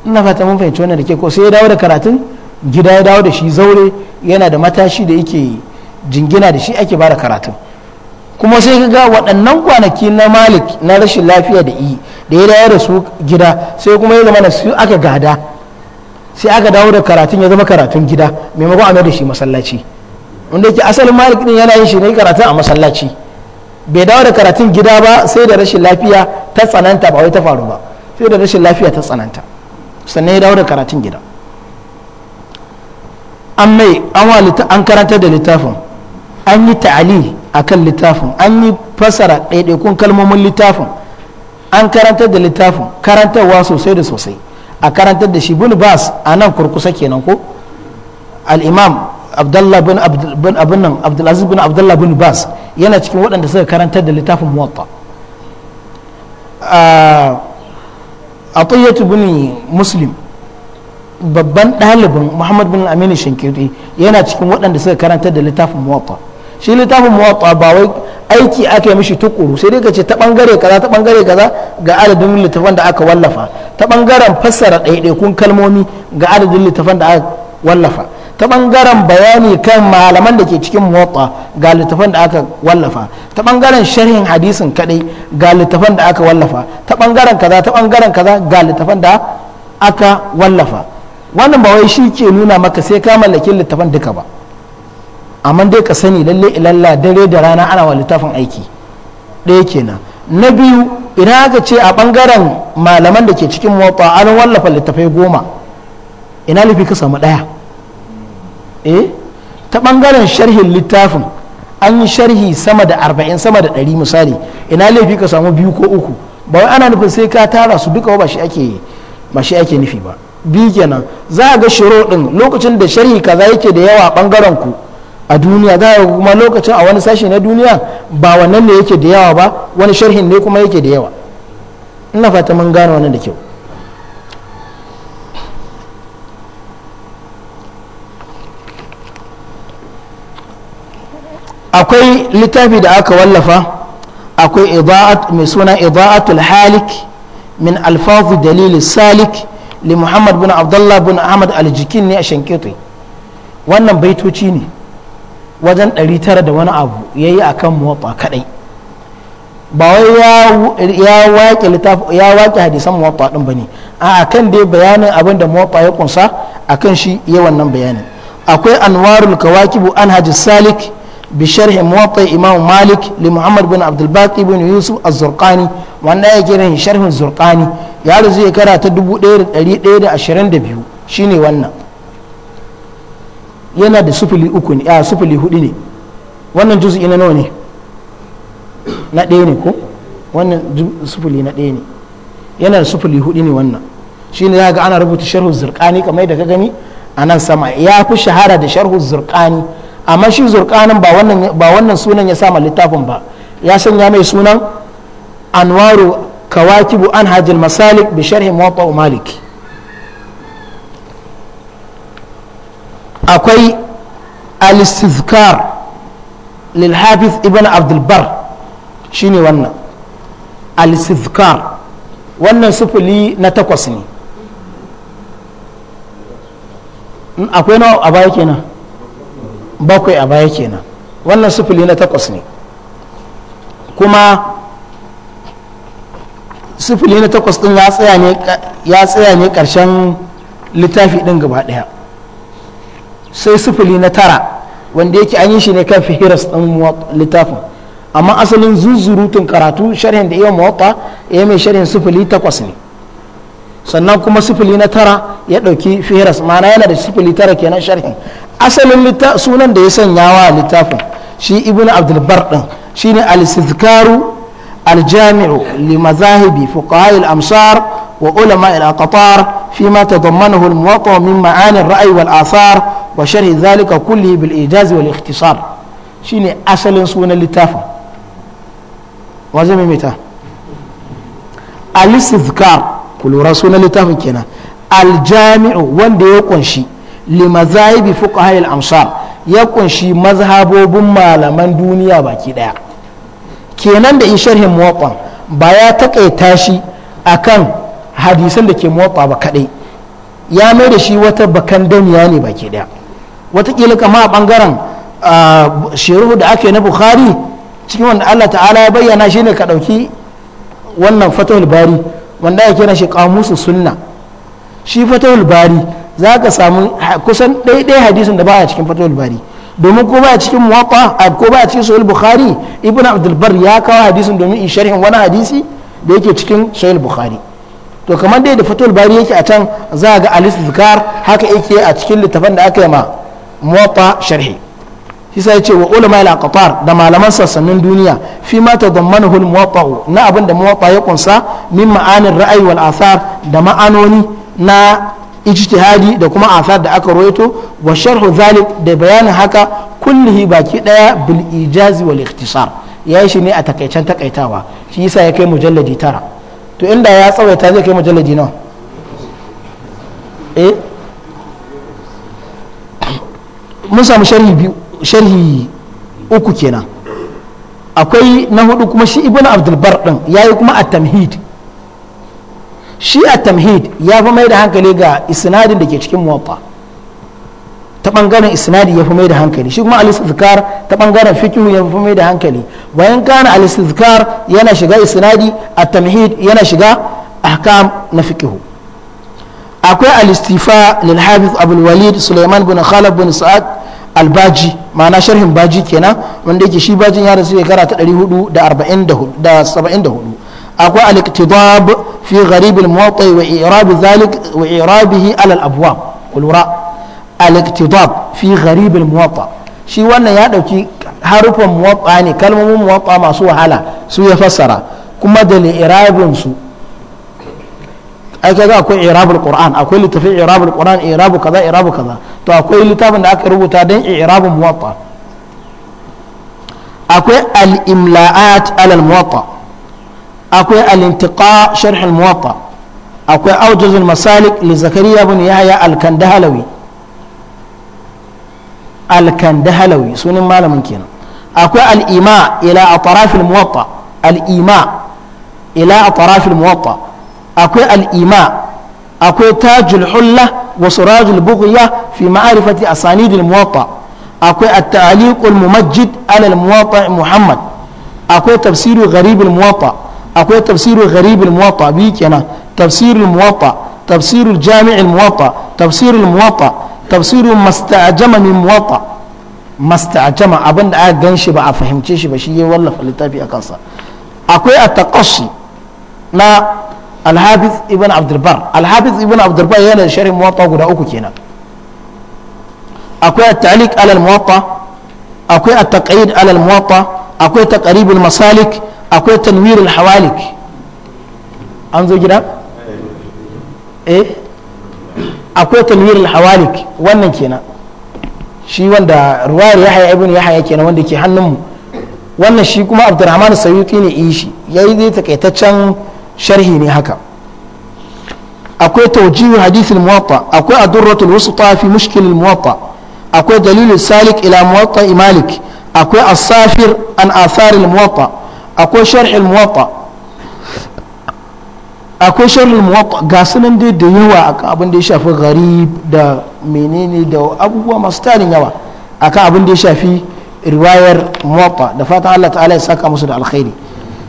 S1: ina fata mun fahimci wannan da ke ko sai ya dawo da karatun gida ya dawo da shi zaure yana da matashi da yake jingina da shi ake bada karatu kuma sai ga waɗannan kwanaki na malik na rashin lafiya da yi da ya dawo da su gida sai kuma ya zama da su aka gada sai aka dawo da karatun ya zama karatun gida maimakon a mai da shi masallaci wanda yake asalin malik din yana yin shi ne karatun a masallaci bai dawo da karatun gida ba sai da rashin lafiya ta tsananta ba wai ta faru ba sai da rashin lafiya ta tsananta sannan ya dawo da karatun gida an mai an karanta da littafin an yi ta'ali a kan littafin an yi fasara ɗaiɗaikun kalmomin littafin an karanta da littafin karantarwa sosai da sosai a karantar da shi bin bas a nan kurkusa kenan ko al'imam abdullah bin abin bin abdullah bin bas yana cikin waɗanda suka karantar da littafin muwatta a bin muslim babban ɗalibin muhammad bin aminu shinkiri yana cikin waɗanda suka karanta da littafin muwatta shi littafin muwatta ba wai aiki aka yi mishi tukuru sai dai ka ce ta ɓangare kaza ta ɓangare kaza ga adadin littafan da aka wallafa ta ɓangaren fassara ɗaiɗaikun kalmomi ga adadin littafan da aka wallafa ta ɓangaren bayani kan malaman da ke cikin muwatta ga littafan da aka wallafa ta ɓangaren sharhin hadisin kaɗai ga littafin da aka wallafa ta ɓangaren kaza ta ɓangaren kaza ga littafan da aka wallafa wannan ba wai shi ke nuna maka sai ka mallaki littafan duka ba amma dai ka sani lalle ilalla dare da rana ana wa littafin aiki ɗaya kenan na biyu idan aka ce a ɓangaren malaman da ke cikin mota an wallafa littafai goma ina lifi ka samu ɗaya eh ta ɓangaren sharhin littafin an yi sharhi sama da arba'in sama da ɗari misali ina laifi ka samu biyu ko uku ba wai ana nufin sai ka tara su duka ba shi ake ba shi ake nufi ba biyu kenan za a ga shiro ɗin lokacin da sharhi kaza yake da yawa bangaren ku a duniya za a kuma lokacin a wani sashi na duniya ba wannan ne yake da yawa ba wani sharhin ne kuma yake da yawa ina fata mun gane wannan da kyau akwai littafi da aka wallafa akwai mai suna ida'atul halik min alfazu dalilin salik li muhammad bin abdullah bin ahmad aljikin ne a wannan baitoci ne wajen 900 da wani abu ya yi a kan muwatta kadai ba wai ya waƙe hadisan muwatta ɗin ba ne a kan dai bayanin abin da muwatta ya kunsa a kan shi ya wannan bayanin akwai anwarul kawakibu an haji salik bi sharhi muwatta imam malik li muhammad bin abdulbaki bin yusuf az-zurqani wannan ya kiran sharhin zurqani ya zai kara ta 1122 shine wannan yana da sufuli uku ne a sufuli hudu ne wannan juz'i na nawa ne na ɗaya ne ko wannan sufuli na ɗaya ne yana da sufuli hudu ne wannan shine za ga ana rubuta sharhu zurqani kamar da ka gani a nan sama ya fi shahara da sharhu zurqani amma shi zurqanin ba wannan ba wannan sunan ya sama littafin ba ya sanya mai sunan anwaru kawakibu an hajjil masalik bi sharhi muwatta malik akwai al lil hafiz ibn abdul bar shine wannan al wannan sufuli na takwas ne akwai nawa a baya kenan bakwai a baya kenan wannan na takwas ne kuma sifili na takwas ɗin ya tsaya ne karshen littafi ɗin gaba ɗaya sai sifili na tara wanda yake an yi shi ne kan fihiras ɗin littafin amma asalin zuzurutun karatu sharhin da iya mawaƙa ya eh, mai sharhin sifili takwas ne sannan kuma sifili na tara ya ɗauki fihiras mana yana da sifili tara kenan sharhin asalin sunan da ya sanya wa littafin shi ibn abdulbar ɗin shine al-sizkaru الجامع لمذاهب فقهاء الأمصار وعلماء الأقطار فيما تضمنه الموطأ من معاني الرأي والآثار وشرح ذلك كله بالإيجاز والاختصار شيني أصل سونا للتافة وزمي متى الاستذكار كل رسولنا للتافة كنا الجامع وندي يقنشي لمذاهب فقهاء الأمصار يقنشي مذهب بما لمن دنيا باكي داك kenan da in sharhin muwatta ba ya taƙaita shi a kan hadisan da ke muwatta ba kaɗai ya mai da shi wata bakan damiya ne baki ɗaya watakila kama a ɓangaren shiru da ake na bukhari cikin wanda allah ta'ala ya bayyana shi ne ka ɗauki wannan fatahul bari wanda ya kira shi kamusu sunna shi fatahul bari za ka samu kusan ɗaiɗai hadisin da ba a cikin fatahul bari domin ko baya cikin muwatta a ko baya cikin sahih bukhari ibnu abdul bar ya kawo hadisin domin in sharhin wani hadisi da yake cikin sahih bukhari to kamar dai da fatul bari yake a can za ga al zikar haka yake a cikin littafin da aka yi ma muwatta sharhi shi sai ce wa ulama al qatar da malaman sassanin duniya fi ma tadammanahu al muwatta na abin da muwatta ya kunsa min ma'anin ra'ayi wal athar da ma'anoni na ijtihadi da kuma asar da aka rawaito wa sharhu zalik da bayanin haka kullihi baki daya bil ijazi wal ikhtisar yi shi ne a takaicen takaitawa shi yasa ya kai mujalladi tara to inda ya tsawaita zai kai mujalladi nawa eh mun samu sharhi biyu sharhi uku kenan akwai na hudu kuma shi ibnu abdul bar din yayi kuma at-tamhid shi a tamhid ya fi mai da hankali ga isnadin da ke cikin muwatta ta bangaren isnadi ya fi mai da hankali shi kuma al ta bangaren fikihu ya fi mai da hankali bayan kana al yana shiga isnadi a tamhid yana shiga ahkam na fikihu akwai al-istifa lil hafiz abul walid sulaiman bin khalid bin sa'ad al-baji ma'ana sharhin baji kenan wanda yake shi bajin ya rasu shekara ta 444 أقوى الاكتضاب في غريب الموطي وإعراب ذلك وإعرابه على الأبواب والوراء الاكتضاب في غريب الموطى شو أنا يا دوتي حرف مواطئ يعني كلمة مواطئ ما سوى حالة سوى فسرة كما دل إعراب سوى أكيد أكو إعراب القرآن أكو اللي تفي إعراب القرآن إعراب كذا إعراب كذا تو أكو اللي تابن أكو ربو تادين إعراب مواطئ أكو الإملاءات على الموطى أكو الانتقاء شرح الموطأ أكو أوجز المسالك لزكريا بن يحيى الكندهلوي الكندهلوي سوني ما لا ممكن أكو الإيماء إلى أطراف الموطأ الإيماء إلى أطراف الموطأ أكو الإيماء أكو تاج الحلة وسراج البغية في معرفة أسانيد الموطأ أكو التعليق الممجد على الموطأ محمد أكو تفسير غريب الموطأ akwai tafsirul gharibul muwatta bi kenan tafsirul muwatta tafsirul jami'ul muwatta tafsirul muwatta tafsirul masta'jama min muwatta masta'jama abinda aka ganshi ba a fahimce shi ba shi ya wallafa littafi a kansa akwai at-taqassi na alhafiz ibn abdulbar alhafiz ibn abdulbar yana da sharhin muwatta guda uku kenan akwai at-ta'liq ala al akwai at-taqyid ala al akwai masalik akwai tanwirul hawalik an zo gida eh akwai hawalik wannan kenan shi wanda ruwayar yahaya ibn yahaya kenan wanda ke hannunmu wannan shi kuma abdurrahman sayuti ne yi shi yayi zai takaitaccen sharhi ne haka akwai taujihu hadithul muwatta akwai adurratul wusta fi mushkilil muwatta akwai dalilul salik ila muwatta malik akwai asafir an atharil muwatta akwai sharhul muwatta akwai muwatta ga sunan dai da yawa abin da ya shafi gharib da menene da abubuwa masu tarin yawa akan abin da ya shafi riwayar muwatta da fatan Allah ta'ala ya saka musu da alkhairi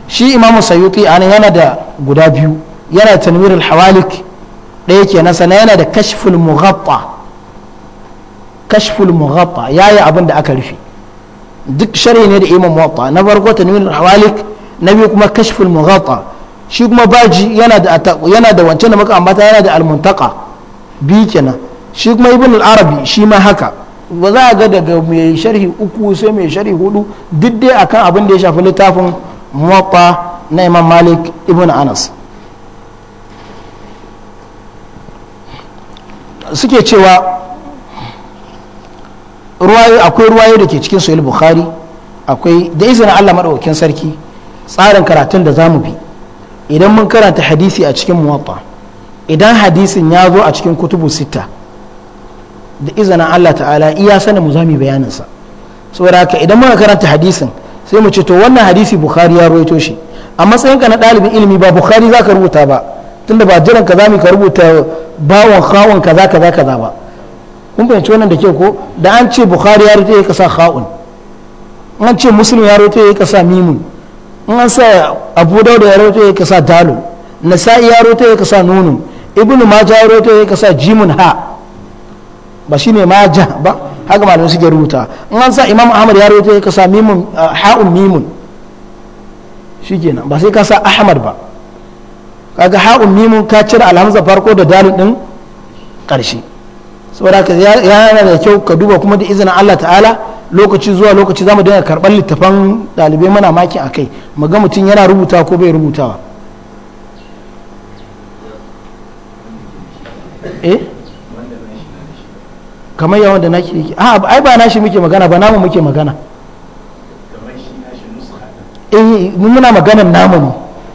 S1: shi imamu sayuti an yana da guda biyu yana tanwirul hawalik ɗaya kenan sana yana da kashful mughatta kashful mughatta yayi abin da aka rufe duk shari ne da imam muwatta na farko tanwin hawalik na biyu kuma kashful mughatta shi kuma baji yana da yana da wancan da muka ambata yana da almuntaka bi kenan shi kuma ibn al-arabi shi ma haka ba za a ga daga mai sharhi uku sai mai sharhi hudu duk dai akan abin da ya shafi littafin muwatta na imam malik ibn anas suke cewa akwai ruwaye da ke cikin sahih bukhari akwai da izinin Allah madaukakin sarki tsarin karatun da zamu bi idan mun karanta hadisi a cikin muwatta idan hadisin ya zo a cikin kutubu sita da izinin Allah ta'ala iya sanin mu zamu bayanin sa saboda haka idan muka karanta hadisin sai mu ce to wannan hadisi bukhari ya rawaito shi a matsayin ka na ɗalibin ilimi ba bukhari zaka rubuta ba tunda ba jiran ka zamu ka rubuta bawon kawun kaza kaza kaza ba kun fahimci wannan da ke ko da an ce bukhari ya rute ya kasa kha'un an ce muslim ya rute ya kasa mimun an sa abu dauda ya rute ya kasa dalun nasa'i ya rute ya kasa nunun ibnu maja ya rute ya kasa jimun ha ba shine maja ba haka malamai suke rubuta in an sa imam ahmad ya rute ya kasa mimun ha'un mimun shikenan ba sai ka sa ahmad ba kaga ha'un mimun ka cire alhamza farko da dalu din ƙarshe saboda ka yana da kyau ka duba kuma da izinin Allah ta'ala lokaci zuwa lokaci za mu dinga karɓar littafan ɗalibai mana makin a kai maga mutum yana rubuta ko bai rubutawa eh kamar yawan da naki yake a ah, ai ba nashi muke magana ba namu muke magana eh muna maganar namu ne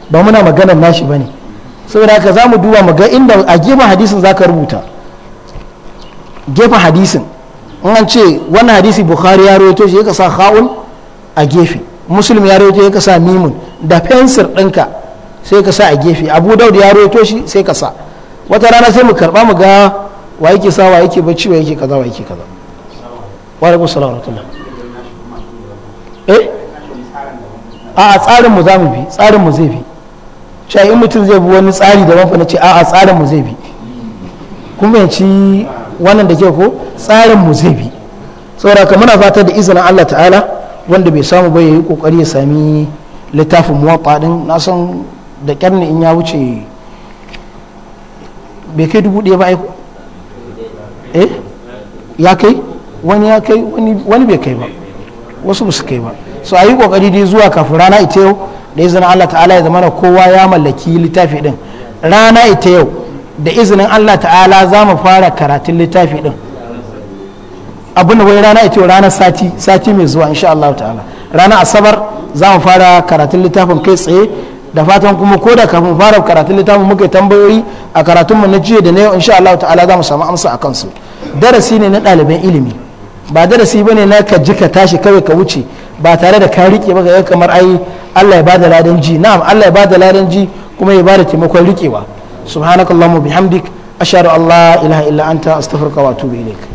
S1: ba muna maganar nashi ba ne saboda haka mu duba mu inda a gefen hadisin za ka rubuta gefen hadisin in an ce wannan hadisi bukhari ya rawaito shi ya sa kha'un a gefe muslim ya rawaito ya sa mimun da fensir ɗinka sai ka sa a gefe abu daud ya rawaito shi sai ka sa wata rana sai mu karba mu ga wa yake sa wa yake bacci wa yake kaza wa yake kaza wa alaikum salam wa rahmatullah eh a tsarin mu za mu bi tsarin mu zai bi cewa in mutum zai bi wani tsari daban fa na ce a tsarin mu zai bi kuma yanci wannan da ke ko tsarin mu zai bi saboda ka muna fata da izinin Allah ta'ala wanda bai samu ba yayi kokari ya sami littafin muwatta din na san da kyarni in ya wuce bai kai dubu ɗaya ba aiko eh ya kai wani ya kai wani bai kai ba wasu ba su kai ba so a yi kokari dai zuwa kafin rana ita yau da izinin Allah ta'ala ya zama kowa ya mallaki littafi din rana ita yau da izinin Allah ta'ala za mu fara karatun littafi din abin da wani rana ita ranar sati sati mai zuwa insha Allah ta'ala ranar asabar za mu fara karatun littafin kai tsaye da fatan kuma ko da kafin fara karatun littafin muka tambayoyi a karatun mu na jiya da na yau insha Allah ta'ala za mu samu amsa a kansu darasi ne na ɗaliban ilimi ba darasi ba ne na ka ji ka tashi kawai ka wuce ba tare da ka riƙe ba ga kamar ai Allah ya bada ladan ji na'am Allah ya bada ladan ji kuma ya bada taimakon riƙewa. subhanakallahumma bihamdik ashhadu an la ilaha illa anta a wa atubu ilaik